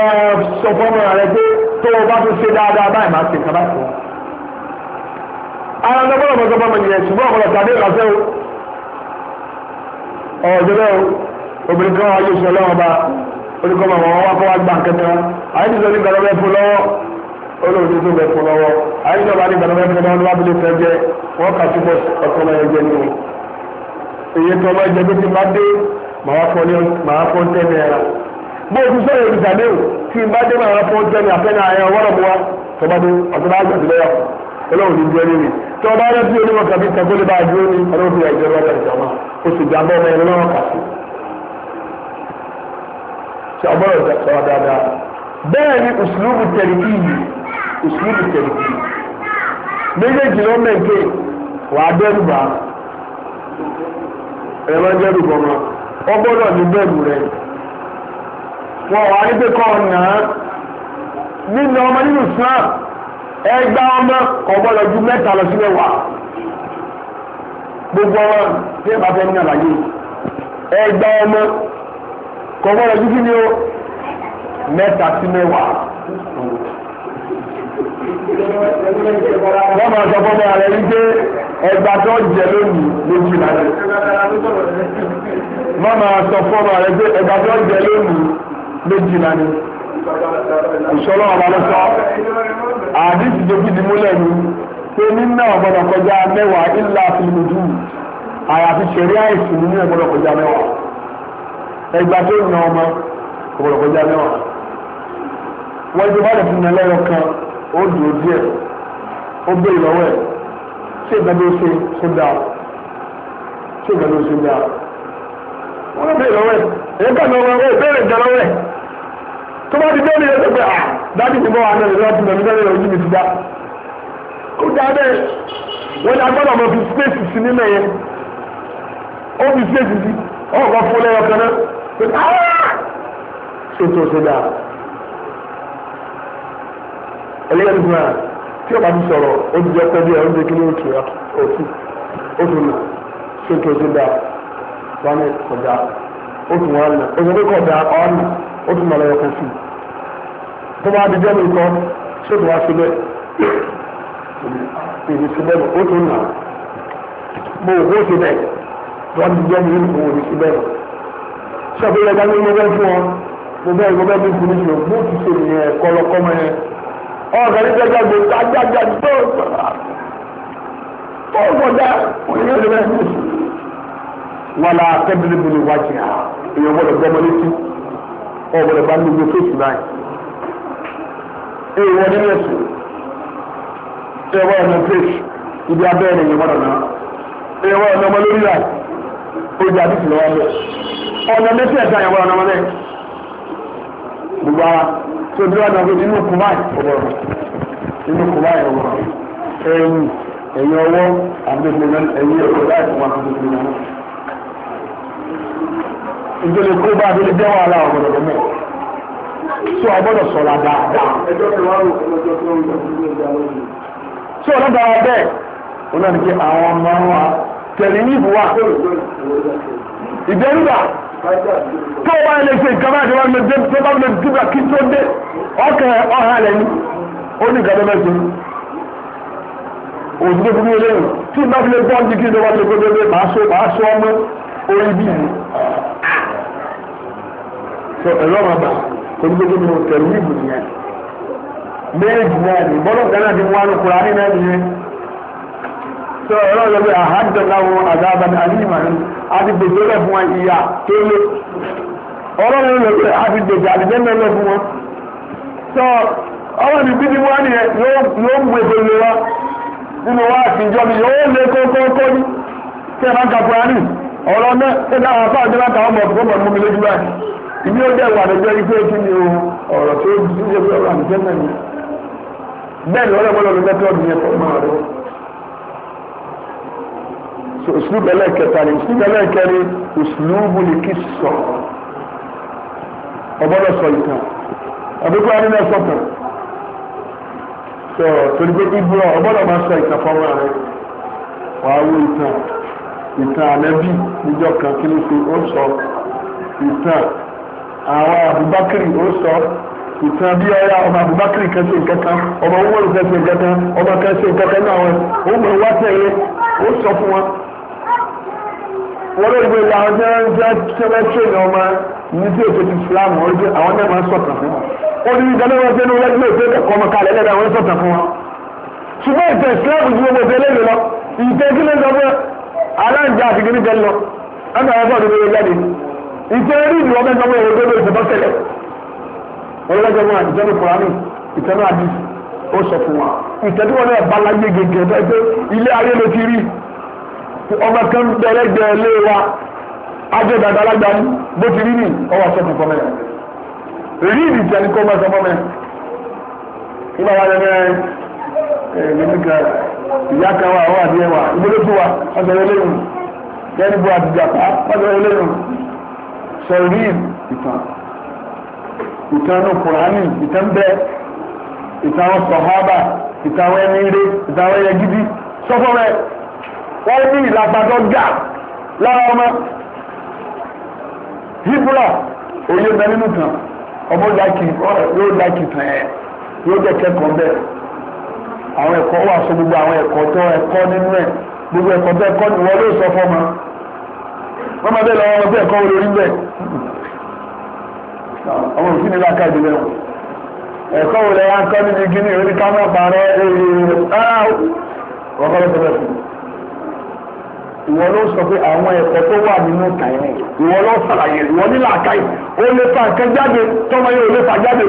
sọ fọmọ rẹ pé tó o bá tún ṣe dáadáa báyìí máa ṣe kábàá fún ọ. ara lọ́gbọ́n ọmọ sọfọmọ nìyẹn ṣùgbọ́n ọmọ tàbí ìrọ̀sẹ́ o ọ̀jọ̀ bẹ́ẹ̀ o obìnrin kan wà yóò ṣe ọlọ́wọ́ bá wá kọ́ wá gbà kẹta àyè ti sọ ní gbàdọ́ fún lọ́wọ́ olóòtú tó bẹ fún lọ́wọ́ àyíjọba ní ìbàdàn mẹ́fẹ́ náà wọ́n abilé fẹ́ jẹ wọ́n kà sí bọ́ọ̀sì ọ̀tún náà ẹgbẹ́ ní wọn. èyí tó ọmọ ẹgbẹ́ tó ti bá dé màá fọ́ ń tẹ́ náírà. bó o ti sọ èrò ìdàdé tí n bá dé màá fọ́ ń tẹ́ ní àfẹ́ náà ẹ̀yàn wọ́rọ̀ mu wa tó bá dé ọ̀tún náà àgbàdo lọ́yà bẹ́ẹ̀ ni ùsùlùmù tẹ̀lé kí yìí ìṣúlù tẹ̀lé méjèèjì lọ mẹ́ǹkè wà á dẹ́rù bá ẹ̀ máa dẹ́rù bọ̀ mọ́ ọ gbọ́dọ̀ ní bẹ́ẹ̀rù rẹ̀ wọn wà á ní pé kọ́ ọ̀nà nínú ọmọ nínú Islam ẹgbẹ́ ọmọ kò gbọ́dọ̀ ju mẹ́ta lọ sílẹ̀ wà gbogbo ọmọ tí ẹ bá fẹ́ ní àlàyé ẹgbẹ́ ọmọ kò gbọ́dọ̀ ju kí ni ó mẹ́ta sí mẹ́wàá wọ́n máa sọ fọ́mọ́ rẹ̀ wípé ẹgbà tó jẹ lónìí lójú ìlànà. wọ́n máa sọ fọ́mọ́ rẹ̀ pé ẹgbà tó jẹ lónìí lójú ìlànà. ìṣọ́lá ọ̀la ló sọ àdìsí dojú di múlẹ̀ ni pé nínú ọ̀gbọ́dọ̀ kọjá mẹ́wàá ìlà àfihàn àyàfi ṣẹ̀rí àìsàn nínú ọ̀gbọ́dọ̀ kọjá mẹ́wàá ẹgbà tó nà ọmọ ọ̀gbọ́dọ̀ kọjá mẹ́wàá wọ́n ti bá lè fún mi lẹ́yọ kan O duro díẹ̀ ó béèrè lọ́wọ́ ẹ̀ ìgbà ló ṣe ṣe dáa ṣé ìgbà ló ṣe dáa o béèrè lọ́wọ́ ẹ̀ èyí kàn lọ́wọ́ ìjà lọ́wọ́ tó bá ti béèrè ẹ̀ pé à dájú ti bọ́ wa náà lọ́wọ́ ti nígbà lọ́wọ́ ojú mi ti dá fi sí yẹn fi sí fún kan náà pé ah! ṣètò ṣe ẹlẹ́yìn ìgbà tí ọba ti sọ̀rọ̀ ó ti jẹ́ pẹ́ bí ẹ̀rọ kékeré òtún òtún òtún nà sókè òtún dà wọn ni kọjá òtún wọn nà òtún ní kọjá ọ̀nà òtún mọ̀lẹ́ ọkọ̀ sí tó bá di jẹ́nu nǹkan sókè wá síbẹ̀ ìdí síbẹ̀ nù òtún nà mo ò kó síbẹ̀ wọ́n ti jẹ́nu yìí mo ò ní síbẹ̀ nù sọ́kè ìrẹ́gbẹ́ mi mo bẹ́ fún ọ mo bẹ́ mo bẹ́ mi kú níbi mo ti ṣe nìyẹn kọ́lọ́kọ́ mọ́ yẹn ọ̀rọ̀ ní gbẹgbẹ gbòòtò ajájà tó tó kọjá òyìnbó ni bẹ́ẹ̀ wọn la tẹ́bílì bìlì wájú ha èèyàn gbọ́dọ̀ gbọ́mọ létí ọ̀ gbọ́dọ̀ bá gbogbo fèsì báyìí èèyàn wọ́n nínú ẹ̀sùn èèyàn wọ́n ọ̀nà fèsì ibi abẹ́rẹ́ èèyàn gbọ́dọ̀ náà èèyàn wọ́n ọ̀nà ọmọ lórí rà ojú àdìsí lọ́wọ́ bẹ́ẹ̀ ọ̀nà mẹ́tẹ̀ẹ̀ta èèyàn wọ́n ọ̀nà ọmọ náà gbogbo ara tó bí wọ́n dàgbé nínú kùmáì ọ̀gbọ̀rọ̀ nínú kùmáì ọ̀gbọ̀rọ̀ ẹ̀yìn ẹ̀yìn ọwọ́ àgbẹ̀gbẹ̀ ẹ̀yìn ọ̀gbọ̀ láì fún wa tuntun nínú náà. ìjọba kó bá abẹ́lé jẹ́ wàhálà ọ̀gbọ̀rọ̀ lọ́mọ́ tó a gbọ́dọ̀ sọ̀rọ̀ dáadáa. tó o lọ́dọ̀ wa bẹ́ẹ̀ o náà ní kí àwọn ọmọ wa tẹ̀lé ní ìbúwa ìbẹ́rù tó o bá lè ṣe ìjọba àti wọn lè tó bá lè dúdà kí tó dé ọkẹ ọha rẹ ni ó ní ìgbàdọ́ mẹ́sìn òdúgbò fún mi lẹ́yìn tí ìgbà fi lè gbọ́ ní kí ìjọba lè kó dé máa so máa so ọmọ orí bí mi. sọ ẹ̀rọ máa bà kó ní gbogbo mi ò tẹ̀lé méjì náà ni bọ́lọ̀ gánà ti wá ní kura náà nìyẹn. tó ọ̀rọ̀ rẹ̀ bí àhádọ́láwọ̀ àdáàbàn àníyàn àdìgbèjọ́ lẹ̀ fún wọn ìyá tó lé ọ̀rọ̀ rẹ̀ lọ pé àdìgbèjọ́ àdìgbèjọ́ lẹ̀ fún wọn. sọ ọwọ́ ní bíbí wọn ni yóò wa nínú wa àtijọ́ mi yóò lé kókókó ní bá ń ka ni so usulubu ẹlẹ́kẹta ni usulubu ẹlẹ́kẹrin usulubu ni kí sọ ọgbọ́dọ̀ sọ ìtàn àbíkú wa nínú ẹ̀sọ́ kan so torí pé ibu ọ ọgbọ́dọ̀ máa sọ ìtàn fọwọ́ rẹ wàá wo ìtàn ìtàn ànábì níjọ́ kan kí ló ṣe ó sọ ìtàn àwọn Abubakari ó sọ ìtàn bí ọyá ọmọ Abubakar kan ṣe nǹkankan ọmọ owó kan ṣe nǹkankan ọmọ kan ṣe nǹkankan náà wọn ó mọ wá tẹ̀lé ó sọ fún wọn wọ́n lè gbé àwọn jẹ́ jẹ́ sẹ́mẹ́tì ní ọmọ ní tí ètò Islam wọ́n jẹ́ àwọn náà máa ń sọ̀tàn fún wọn. ó ní ìdáná wọn jẹ́ ní wọ́n lẹ́gbẹ̀ẹ́ pé ẹ̀kọ́ ọmọ kalẹ̀ lẹ́dà wọ́n sọ̀tàn fún wọn. ṣùgbọ́n ìtẹ̀ Islam ju gbogbo ìtẹ́ lẹ́nu lọ ìtẹ́ kí ló ń sọ fún aláǹjá àti kí ní jẹ́ lọ ẹ̀ka wọn sọ̀rọ̀ lórí jáde. ìtẹ́ rí ìlú ọmọ ẹ̀sán wọn èrò gbogbo ìtẹ́ bọ́sẹ̀lẹ̀. wọ́n lọ́jọ́ wọn àti ìtẹ́nu Kùránì ìtẹ́nu àdìs ó sọ fún wa ìtẹ́nu wọn náà bá láyé gègé ẹgbẹ́ ilé ayé ló ti rí ọmọ kan bẹ̀rẹ̀gbẹ̀ lé wa ajẹ́ dada alágbá ní bó ti rí ní ọwọ́ aṣọ́kùn fọmẹ́ rí ìdí tí a ní kó máa sọ fọmẹ́ nígbà wà lẹ́nu ẹ̀ nígbà ìyá kan wà wà ní ẹwà ìgbélé fún wa wọ́n sọ eléyìí lẹ́nu bu àdìjà pa wọ́n sọ eléyìí sọ rí ìtàn ìtàn ní kùránì ìtàn bẹ́ẹ̀ ìtàn sọ̀hábà ìtàn ẹni ìtàn ẹyẹ gidi sọ wọ́n ní ìlàgbàdọ́ gà lára ọmọ hibula òye bẹ nínú kan ọmọ láìkì yóò láìkì tàn ẹ yóò jẹ kẹ́kọ̀ọ́ bẹ́ẹ̀ àwọn ẹ̀kọ́ wà sọ gbogbo àwọn ẹ̀kọ́ tó ẹ̀kọ́ nínú ẹ gbogbo ẹ̀kọ́ tó ẹ̀kọ́ ni wọ́n ló sọ fọmọ wọ́n máa bẹ́ẹ̀ lọ ọmọ bẹ́ẹ̀ kọ́ olórí bẹ́ẹ̀ ọmọ òfin ni láàká ìdílé wọn ẹ̀kọ́ wo lẹ wá ń kọ́ níbi gíní oníkámẹ́pàá rẹ ẹ̀ẹ́dẹ́gbẹ̀rẹ́ ọkọ̀ lọ́sọ̀rọ̀ fún un ìwọ ló sọ pé àwọn ẹ̀kọ́ tó wà nínú kàyẹn ìwọ ló sàlàyé ìwọ nílà àkáyè ó lè fa nǹkan jáde tọ́mọ yóò lè fa jáde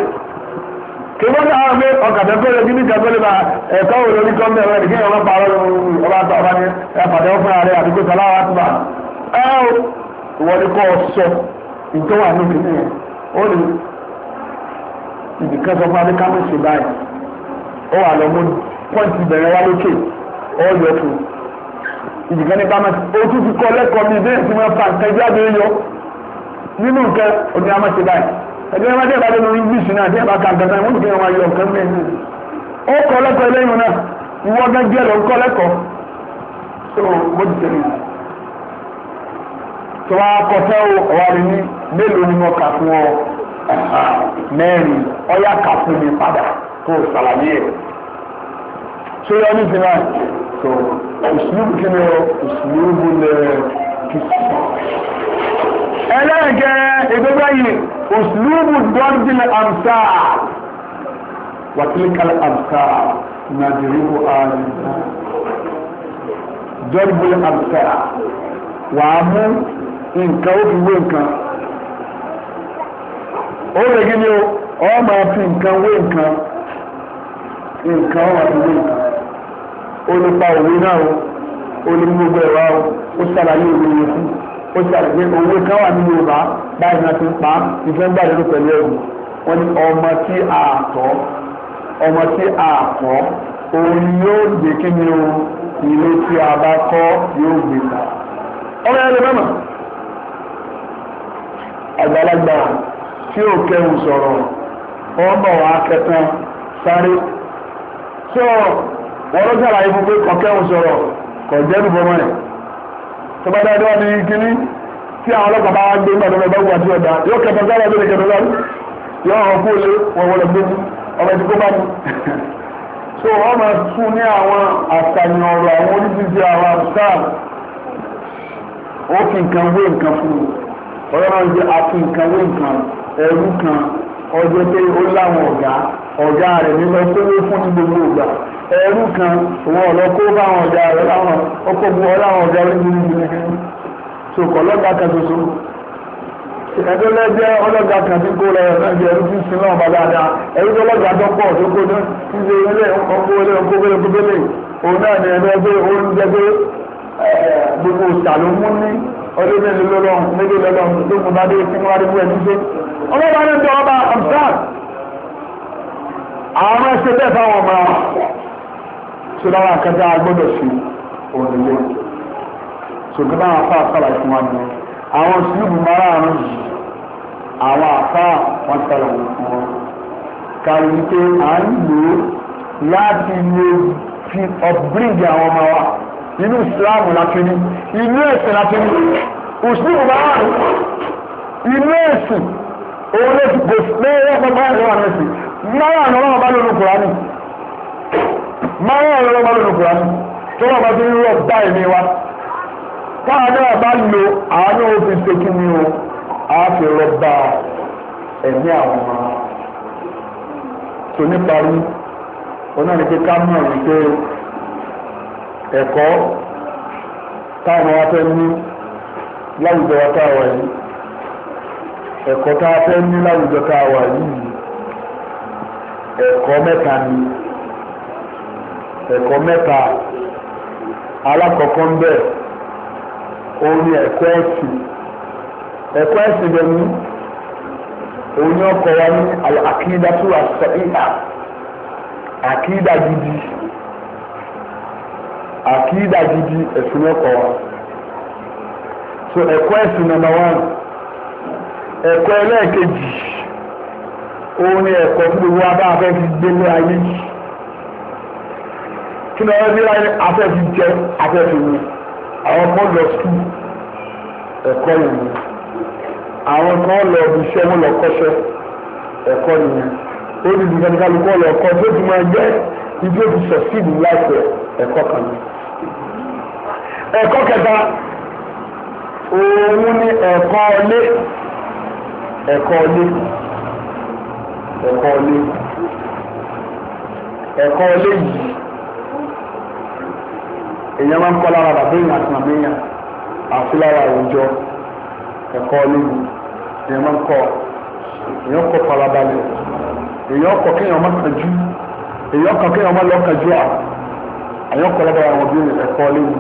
kìbọn náà wọn gbé ọkà tẹkọrẹ bí níta tó lè ba ẹ̀kọ́ wò lórí kọńtà rẹ nìkan yẹn wọn pa ọ̀rọ̀ ọba tó ọba ní ẹpàdé ọfún ààrẹ àdúgbò sọlá wa tó o ìwọ ni kò sọ nǹkan wà ní ìpínlẹ̀ yẹn ó ní ibìkan sọ fún adéká mọ̀ ṣe báyìí ó wà ìdìgbà ní bámẹ́ ojú ti kọ́ lẹ́kọ̀ọ́ mi bẹ́ẹ̀ tí wọ́n fa nǹkan jáde yọ nínú nǹkan omi àmọ́ ṣe báyìí ẹgbẹ́ wọn dẹ́gbà lẹ́nu english náà dẹ́gbà kan kan náà wọ́n ti kẹ́rin wọn yọ nǹkan mẹ́rin ó kọ́ lẹ́kọ̀ọ́ lẹ́yìn náà ìwọ gan jẹ́ lọ kọ́ lẹ́kọ̀ọ́ so mo ti tẹ̀lé tí wọ́n á kọfẹ́ o ọ̀wá rẹ̀ ní mélòó ni mo kà fún ọ mẹ́rin ọ̀yà kà fún mi padà kó o ṣàlàyé ẹ̀ ṣé yọ ní ìsinmi àti tó ìsìlúùbù kí ni o ìsìlúùbù lè kí sí. ẹlẹ́ẹ̀kẹ́ ìgbégbá yìí ìsìlúùbù dọ́bìlẹ̀ àmsà wàtílíkàlẹ̀ àmsà nàìjíríwò àmsà dọ́bìlẹ̀ àmsà wàá mú nǹkan ó fi wé nǹkan ó lè gí ni o ọ máa fi nǹkan wé nǹkan nǹkan wà fi wé nǹkan olùpa òwe náà o olùmúgbò ẹ̀wà o ó ṣàlàyé òwe yẹn fún ó ṣàlàyé òwe kan wà ní Yorùbá báyìí náà ti ń pa ìfẹ́ ń gbàdúrà pẹ̀lú ẹ̀rù wọn ni ọmọ tí a tọ́ ọmọ tí a kọ́ òun yóò gbé kí o ilé tí a bá kọ́ yóò gbé ta ọmọ ẹ̀rọ mẹ́mọ̀ àgbàlagbà tí ò kẹ́hùn sọ̀rọ̀ ọmọ wa sáré sọ̀rọ̀ wọ́n ló sàlàyé fún pé kọ̀kẹ́hùn sọ̀rọ̀ kọ̀ jẹ́rù bọ́mọ́ ẹ̀ tó bá dáadọ́ ní kíní tí àwọn ọlọ́pàá bá wá gbé nígbà tó bá bá wà sí ọ̀dà yóò kẹta sára lórí kẹta sára yóò hàn kú lé wọ̀wọ̀ lọ gbé ọmọ ti kó bá mi. so wọ́n máa tún ní àwọn àṣàyàn ọ̀rọ̀ àwọn oníṣiṣẹ́ àwọn àṣàl ó fi nǹkan wé nǹkan fún mi ọ̀rọ̀ máa ń jẹ́ àfi nǹkan wé nǹkan ẹ̀rú kan ọjọ́ pé ó láwọn ọ̀gá ọ̀gá rẹ̀ nílọ tó fún gbogbo ìgbà ẹrú kan òun ọ̀lọ́ kó bá àwọn ọ̀gá rẹ̀ láwọn ọkọ̀ bu ọláwọn ọ̀gá rẹ̀ nínú ìlú nìkan so kọ̀ lọ́gà kan ṣoṣo ìdájọ́ lẹ́jẹ́ ọlọ́gà kan tí kò lọ ẹ̀rọ ẹrú tí ń sin náà bá dáadáa ẹrú tó lọ́gà tó pọ̀ tó kó náà ń ṣe ilé ọkọ̀wélé ọkọ̀wélé ọkọ̀wélé òun náà ni ẹ̀rọ ẹgbẹ́ òun jẹ́ pé gbogbo ìṣàlómú ní ọdún mélòó lọ́lọ́run mélòó lọ́lọ́run tó kún bá dé sí wọn adébúrẹ́ níṣẹ́ ọlọ́ba ní tọ́ ọba àmsáà àwọn ẹ̀ṣẹ̀ bẹ́ẹ̀ fáwọn ọmọ tó lára kẹta gbọ́dọ̀ ṣe òdìlé ṣùgbọ́n àwọn afá àkàlà ìfún wa ni àwọn sùúrù márààrún yìí àwọn afá wọn sọ̀rọ̀ ìfún wọn kàrí pé à ń lò ó láti lè fi upbring àwọn ọmọ wa inú ìsìláàmù láti ní inú ẹ̀sìn láti ní òṣùlù márààrún inú ẹ̀sìn òun ló ti gbèsè lé ẹ̀kọ́ báyìí lọ́wọ́ àmì ẹ̀sìn márààrún ọlọ́run bá lónìí kùránì. máa ń rọrọ ọmọ lónìí kùránì tó wọ́n bá ti rọ dá ẹ̀mí wa táà náà bá lo àánú òfin o á fi rọ bá ẹ̀mí àwọn ọmọ tó níparí oná ní pé ká mọ̀ wípé ẹ̀kọ́ ní láwùjọ wa wà yìí ẹ̀kọ́ mẹ́ta alákọ̀ọ́kọ́ ń bẹ̀ òun ni ẹ̀kọ́ ẹ̀sìn ẹ̀kọ́ ẹ̀sìn bẹ̀ ní òun ni ọkọ̀ wa ní àkíńdá tó wà sọ ìhà àkíńdá gidi àkíńdá gidi ẹ̀sìn ọkọ̀ wa so ẹ̀kọ́ ẹ̀sìn nàmbà wán ẹ̀kọ́ ẹlẹ́ẹ̀kejì òun ni ẹ̀kọ́ fún gbogbo abáfẹ́ fi gbélé ayé yìí kí ni ọ̀rẹ́ nílá ní afẹ́fì jẹ́ afẹ́fì mu àwọn ọmọ lọ sí ẹ̀kọ́ ìlú àwọn kan lọ bí iṣẹ́ wọn lọ kọ́ṣẹ́ ẹ̀kọ́ ìlú ó ní ìdíkan ní kálukú ọ̀lọ́ ọ̀kọ́ tó ti máa jẹ́ ibi òbí sọ̀síìdì láìpẹ́ ẹ̀kọ́ kan ní. ẹ̀kọ́ kẹta òun ni ẹ̀kọ́ ọlé ẹ̀kọ́ ọlé ẹ̀kọ́ ọlé ẹ̀kọ́ ọlé yìí èèyàn máa ń kọ́ lára bàbá èèyàn àti màmá èèyàn àti lára àwùjọ ẹ̀kọ́ olóyún èèyàn máa ń kọ́ èèyàn kọ́ farabalẹ̀ èèyàn kọ́ kéèyàn má kánjú èèyàn kọ́ kéèyàn má lọ kánjú à èèyàn kọ́ lára àwọn òbí ẹ̀kọ́ olóyún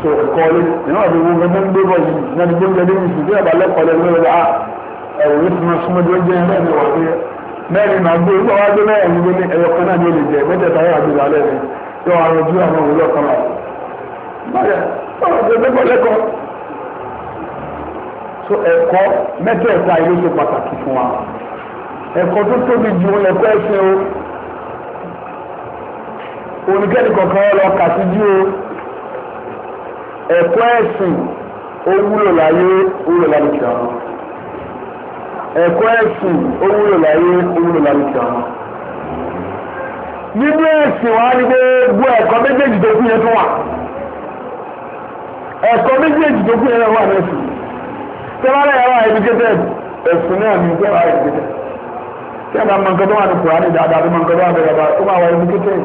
so ẹ̀kọ́ olóyún èèyàn àti ìwé ọmọ gbé bọ̀ yìí ní àdúgbò ń gbẹ́dẹ́ yìí sí ẹ̀bà lẹ́kọ̀ọ́ lẹ́nu mẹ́rin màá gbé ìgbà wá gbé mẹ́rin gbé ní ẹyọ kan náà ní olè jẹ mẹ́tẹ̀ẹ̀ta yóò àgbè wálẹ̀ rẹ̀ yọ àwọn ojú àwọn òwúrọ̀ kan láti. Báyà, ọ̀rọ̀ tó dẹ́gbọ́ So ẹ̀kọ́ mẹ́tẹ̀ẹ̀ta ilé ṣe pàtàkì fún wa. Ẹ̀kọ́ tó tóbi ju ẹ̀kọ́ ẹ̀sìn o. Oníkẹ́ni kọ̀ọ̀kan lọ kà sí jú o. Ẹ̀kọ́ ẹ̀sìn ó wúlò láyé wúlò lálùkì àwọn. Ẹ̀kọ́ ẹ̀sìn ó wúlò láyé wúlò lálùkì àwọn nínú ẹ̀sìn wa ni gbogbo ẹ̀kọ́ méjèèjì tó kú yẹn tó wà ẹ̀kọ́ méjèèjì tó kú yẹn wà lẹ́sìn tẹ́lárẹ̀ ẹ̀rọ àìdíkẹ́tẹ̀ ẹ̀sìn náà ní ìpẹ́ wa àìdíkẹ́tẹ̀ tí a bá mọ nǹkan tó wà ní kùránì dáadáa tó mọ nǹkan tó wà bẹ̀rẹ̀ bá tó máa wà àìdíkẹ́tẹ̀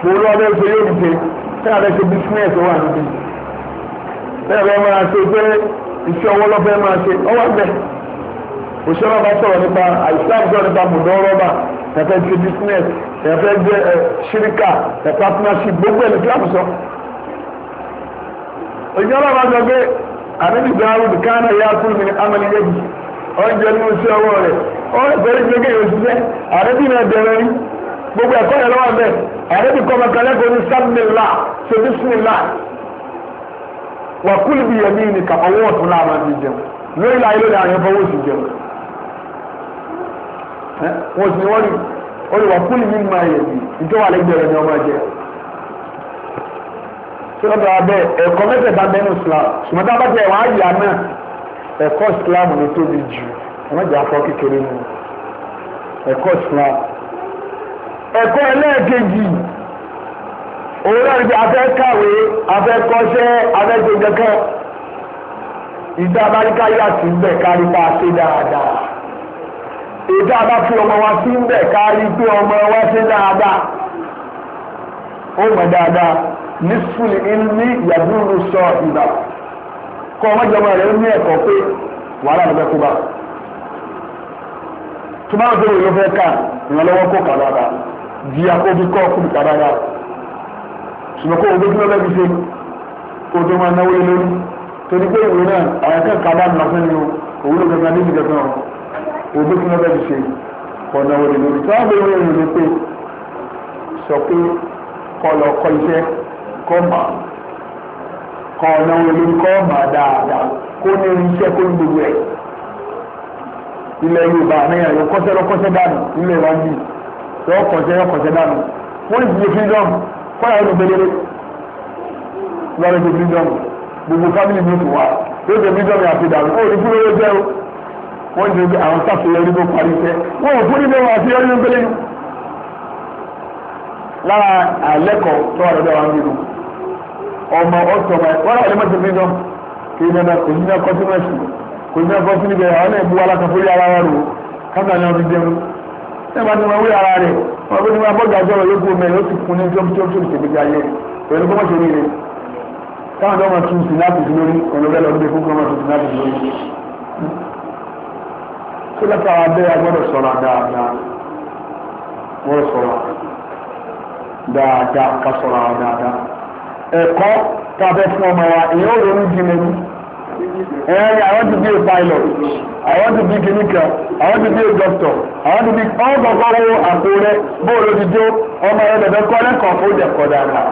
tó lọ́ bẹ́ẹ̀ ṣe yóò dìde tẹ́lá bẹ́ẹ̀ ṣe bísínẹ́ẹ̀sì wà níbi tẹ́lá òṣèlú ọba sọ̀rọ̀ nípa àìsàn sọ̀rọ̀ nípa mùdọ́rọ́bà ẹ̀fẹ́ ti business ẹ̀fẹ́ jẹ́ ẹ̀ ṣíríkà ẹ̀ partnership gbogbo ẹ̀ lẹ́kìlá sọ. òṣèlú ọba sọ pé àdébí dáhùn kánà yá fún mi amẹ́lí yẹ́bi ọ̀njẹ́ ní oṣù ọwọ́ rẹ̀ ọ̀rẹ́ fẹ́rẹ́ fi kéèyàn ṣiṣẹ́ àdébí náà bẹ̀rẹ̀ rí gbogbo ẹ̀kọ́ yẹn lọ́wọ́ bẹ́ẹ̀ àdébí kọ́ mọ̀kànlẹ́kọ̀ọ́ ní sábìlá ṣe bísímìlá wà kúlù bí yẹn ní ìnìkà ọwọ́ ọ̀tún láàmú àti jẹun lórí láyé lórí àyànfọwọ́ sì jẹun. Eh? wọ́n sì wọ́n rí wọ́n rí wà kúlì ní ma yẹ̀ bí ìjọba àlẹ́gbẹ̀rẹ̀ ni ọmọ jẹ́ tí wọ́n bá bẹ́ẹ̀ ẹ̀kọ́ mẹ́tẹ̀ẹ̀ta bẹ́nu Islam ṣùgbọ́n tá a bá jẹ́ wọ́n á yà náà ẹ̀kọ́ Islam ló tóbi jù ọmọ jẹ́ afọ kékeré mu ẹ̀kọ́ Islam ẹ̀kọ́ ẹlẹ́ẹ̀kejì òun náà ti afẹ́ kàwé afẹ́ kọ́ṣẹ́ afẹ́ gbẹ̀gẹ́kẹ́ ìdá abáríkà yà sí bẹ̀ kárí pa ṣe dáadáa èdè àbá fi ọmọ wa sí ń bẹ̀ kárí pé ọmọ wa ṣe dáadáa ó mọ̀ dáadáa nísùlì ní ìyàdúró sọ ìgbà kọ́ ọmọjọba rẹ̀ ní ẹ̀kọ́ pé wàhálà ló fẹ́ kó bá tó bá ń sọ ìlú fẹ́ ká ìrànlọ́wọ́ kó kà dáadáa di akóbi kọ́ kó kà dáadáa ṣùgbọ́n kó o gbójú lọ́lẹ́ fi ṣe kó o tó máa náwó lé lórí torí pé ìwé náà àwọn akẹ́kọ̀ọ́ bá ń lọ fún mi o òwúlò gbẹgbẹ níbi gbẹgbẹ ọ̀rọ̀ òbí tí wọ́n bẹ́ẹ̀ ti ṣe ọ̀nà òde lórí tí wọ́n bẹ́ẹ̀ wọ́n yìí ló pé sọ pé kọ́ lọ kọ́ iṣẹ́ kọ́ mà kọ́ ọ̀nà òde lórí kọ́ mà dáadáa kó ní iṣẹ́ kó ní gbogbo ẹ̀ ilẹ̀ Yorùbá àmẹ́yàn yóò kọ́ṣẹ́ lọ́kọ́ṣẹ́ dànù ilẹ̀ wa jì yóò kọ́ṣẹ́ yóò kọ́ṣẹ́ dànù wọ́n ti di freedom kọ́ra ẹnu gbẹdẹdẹ lọ́rọ̀ ti freedom gbogbo family mi kù wá yóò ti freedom yà fi dànù ó ní fúlọ́wọ́ jẹ́ o wọ́n ti gbé àwọn sàṣeyọrí tó parí iṣẹ́ wọ́n ò fún ní bẹ́ẹ̀ wọ́n àṣeyọrí ló ń gbélé yìí. lára àlẹ́kọ̀ọ́ tó wà lọ́dọ̀ wa ń bínú ọmọ ọ̀sọ̀ ọmọ ẹ̀ wọ́n rà lẹ́mọ̀tì freedom kì í dandan kò ní náà kọ́tí mẹ́sì kò ní náà kọ́tí níbẹ̀ àwọn náà bu alákàfórí ara wa rò káńtà náà fi jẹun ẹ bá ti máa wí ara rẹ̀ wọ́n fi ní máa tó látara agbọ́dọ̀ sọ̀rọ̀ dáadáa wọ́n sọ̀rọ̀ dáadáa ká sọ̀rọ̀ dáadáa ẹ̀kọ́ tàbí fún ọmọ wa èèyàn ò ronú jinlẹ̀ ní ẹ̀yẹ́ I want to be a pilot I want to be clinical I want to be a doctor I want to be ọgọgọrọ àpò rẹ bóòlù ti jó ọmọ rẹ bẹ̀bẹ̀ kọ́ lẹ́kọ̀ọ́ fún ìdẹ̀kọ́ dáadáa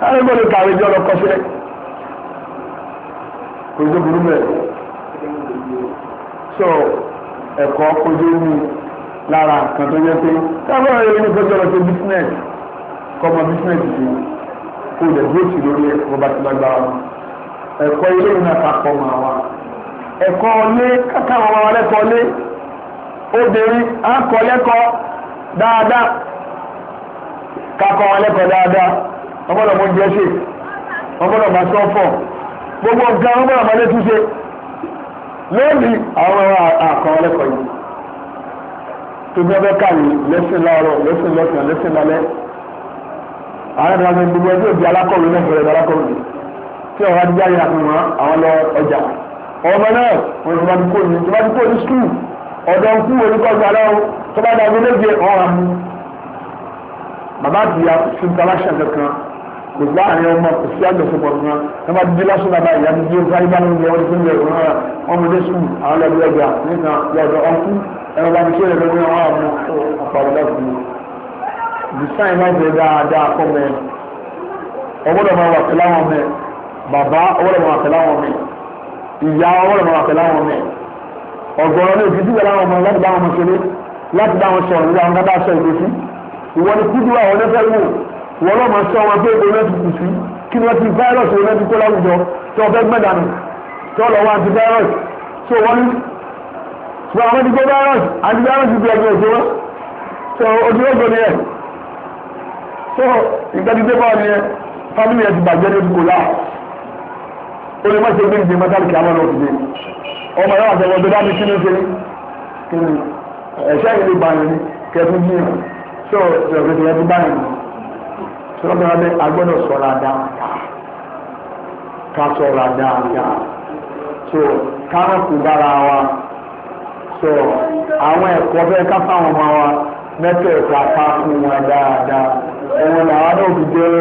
láti bóòlù kàwé jọ lọ kọ́sílẹ̀ kò sí burú so ẹ̀kọ́ ojú mu lára nǹkan tó yẹ pé káwọn ọ̀rẹ́ yẹn ní kó lọ́wọ́ ṣe bísínẹ́sì kọ́ ọmọ bísínẹ́sì ṣe kó lè gbóòsì lórí ẹ̀kọ́ bá ti lágbára wọn ẹ̀kọ́ ilé yìí náà ká pọ̀ mọ́ wa ẹ̀kọ́ ilé káká àwọn ọmọ lẹ́kọ̀ọ́ ilé obìnrin á kọ́ lẹ́kọ̀ọ́ dáadáa kakọ wọn lẹ́kọ̀ọ́ dáadáa ọmọdé ọmọ jẹ ọmọdé ọmọ sọfọ gbogbo nǹkan ọmọdé ọmọ létúnṣe lórí àwọn àkọọ́lẹ́kọ̀ọ́ yìí tó gbẹ́bẹ́ káyì lẹ́sìn láàárọ̀ lẹ́sìn lọ́sàn lẹ́sìn lálẹ́ àwọn ìdàgbà ní gbogbo ẹgbẹ́ òbí alákọ̀wé náà fẹ̀rẹ̀ alákọ̀wé tí ọ̀rọ̀ adúgbò ayé àfihàn wọn àwọn lọ ọjà ọmọ náà wọn ti máa kó ní ti máa kó ní skul ọ̀dọ̀ ń kú orúkọ gba lọ́wọ́ tó bá dàgbé méje ọ̀hún àmú bàbá àti ìyá fún kò sí àárín ọmọ kò sí àjọṣepọ̀ kan ẹ máa dídí lásán bàbá ìyá mi díẹ̀ sáré bá mi lọ ọdún fún mi ọ̀rọ̀ náà ọmọ ilé sùn àwọn lọ́dún ọjà níta lọ́dọ̀ ọkú ẹ̀rọ bá mi ṣe ìrẹ̀lẹ̀ ní àwọn àmọ́ àpàlọ́dà fún mi. design náà ṣe dáadáa kọ́ mẹ́ ọgbọ́dọ̀ máa wà pẹ̀lú àwọn mẹ́ bàbá ọgbọ́dọ̀ máa wà pẹ̀lú àwọn mẹ́ ìyá ọgbọ́dọ̀ máa wà pẹ̀lú àwọn mẹ́ ọ̀gọ̀rọ̀ ní òfin síbẹ̀ láwọn ọmọ láti bá wọn ṣeré láti bá wọn sọ̀rọ̀ nígbà wọn bá sọ ìgbésí ìwọ ni kúdùrà wọn ló wò wọ́n lọ́ máa sọ wọn pé ebi náà ti kù sí kí ni wọ́n ti fáírọ̀sì wọn náà ti kó láwùjọ tí wọ́n fẹ́ gbẹ̀dànù tí wọ́n lọ wá àti fáírọ̀sì tí wọ́n ní ṣùgbọ́n àwọn ti kó fáírọ̀sì àti fáírọ̀sì ti ẹgbẹ́ òṣè wọn tó ojú ó gbóni ẹ̀ tó nǹkan ti dé bá ọ̀nì ẹ̀ fámìlì ẹ̀ ti bàjẹ́ ní kò láà ó lè má ṣe gbé ìgbé mọ́tàlìkì àwọn ọ̀nà òkùnjẹ ọmọ yẹn àti ọmọdé bá mi kí ló ṣe kí ni sọ́dọ̀ abụọ agbọ́dọ̀ sọ̀rọ̀ dáadáa ká so kárọ̀kù bára wa so àwọn ẹ̀kọ́ bẹ́ẹ̀ ká fáwọn ọmọ wa mẹ́tẹ̀ẹ̀ta ká fún wọn dáadáa ẹ̀wọ̀n làwọn náà fi jẹ́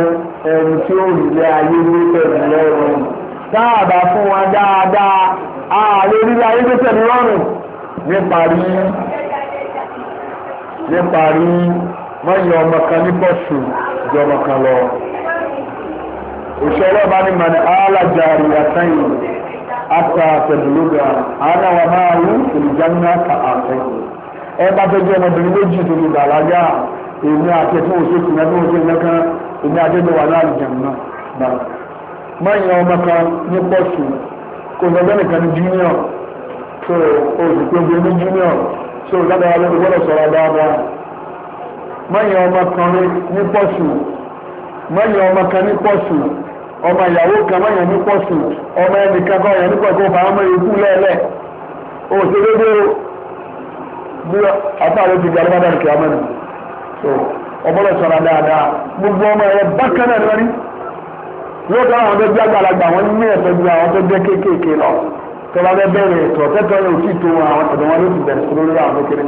ẹni tí ó rí ayé ní pẹ̀lú lọ́rùn dáàbà fún wọn dáadáa ààrẹ rí ayé má yọ ọmọ kan ní bọ́ọ̀sù ju ọmọ kan lọ. òṣèlú ọba ní màní alájà àríyá sẹ́yìn àtà àtẹ̀dúlógà àánà wà máa wú ìlújáná kà àtẹ. ẹ bá fẹ́ jẹ́ ọmọbìnrin méjì tó ti bàlágà èmi àti ẹ̀fọ́ òṣèlú náà bí wọ́n ṣe ń lẹ́kàn èmi àti ẹ̀mí wà ní àlùjánu náà. má yọ ọmọ kan ní bọ́ọ̀sù kò lọ́gbẹ́ nìkan ní junior tó oṣù tó gbé ní junior tó lábẹ́ wa lọ́dún gbọ́dọ̀ mọ̀yìn ọmọ kan ní pọ̀ṣù mọ̀yìn ọmọ kan ní pọ̀ṣù ọmọ ìyàwó kan mọ̀yìn ní pọ̀ṣù ọmọ ẹnìkan kan yẹn ní pọ̀ṣù ọmọ ọmọ ikú lẹ́ẹ̀lẹ́ òṣèlédè bí àtàwọn ti gbàlẹ́ bàbá nìkẹ́ ọmọ nì so ọmọlẹ sọ̀rọ̀ dáadáa gbogbo ọmọ ẹ̀yẹ bákan náà lórí yóò tọ́ àwọn tó gbé àgbàlagbà wọn ní ẹ̀fẹ́ ju àwọn tó gbé kéékèèké lọ tọ́lá bẹ́ẹ̀ bẹ̀rẹ̀ ètò ọ̀tẹ́tọ́ yóò sì tó àwọn ọ̀dọ́ wọn ló ti bẹ̀rẹ̀ sí lórí àwọn kékeré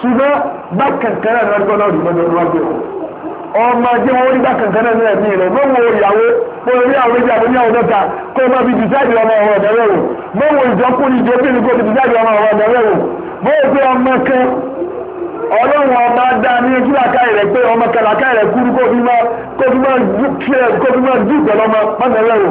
ṣùgbọ́n bákankanáà ní ọjọ́ náà rí mọ́jọ́ níwájú rẹ̀ ọmọ ajé wọn rí bákankanáà ní ẹ̀mí rẹ̀ mọ́wọ́ ìyàwó pọ̀lọ́rí àwọn ìjà àbúnyà ọ̀dọ́ta kó o máa fi dìsáìdì ọmọ ọ̀rọ̀ ọ̀dẹ́rẹ́ o mọ́wọ́ ìjọkùnrin ìjọkùnrin kó o fi dìsáìdì ọmọ ọ̀rọ̀ ọ̀dẹ́rẹ́ o mọ́wọ́ pé ọmọ kan ọlọ́run ọba dá ní ojú àkáì rẹ̀ pé ọmọ kàlàkáì rẹ̀ kúrú kó fi máa dùn pẹ̀lú ọmọ mọ́tẹ́lẹ́rù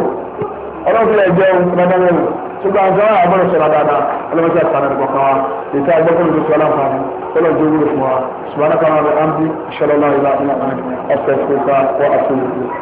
ọlọ́run fi ẹgbẹ́ ohun dáadáa wọ̀ ṣùgbọ́n àti àwọn àbọ̀rọ̀ sọ̀rọ̀ dáadáa ọlọ́run fi àtàrà nípa kan wa ètò àgbẹ̀kọ̀rọ̀ tó sọ̀rọ̀ àǹfààní ọlọ́run tó wúlò fún wa ṣùgbọ́n àkàrà rẹ̀ àǹdí ìṣẹ̀lẹ̀ ọlọ́run ìlà ìlànà ọ̀sẹ̀ fúnka wọ́n àti olùkọ́.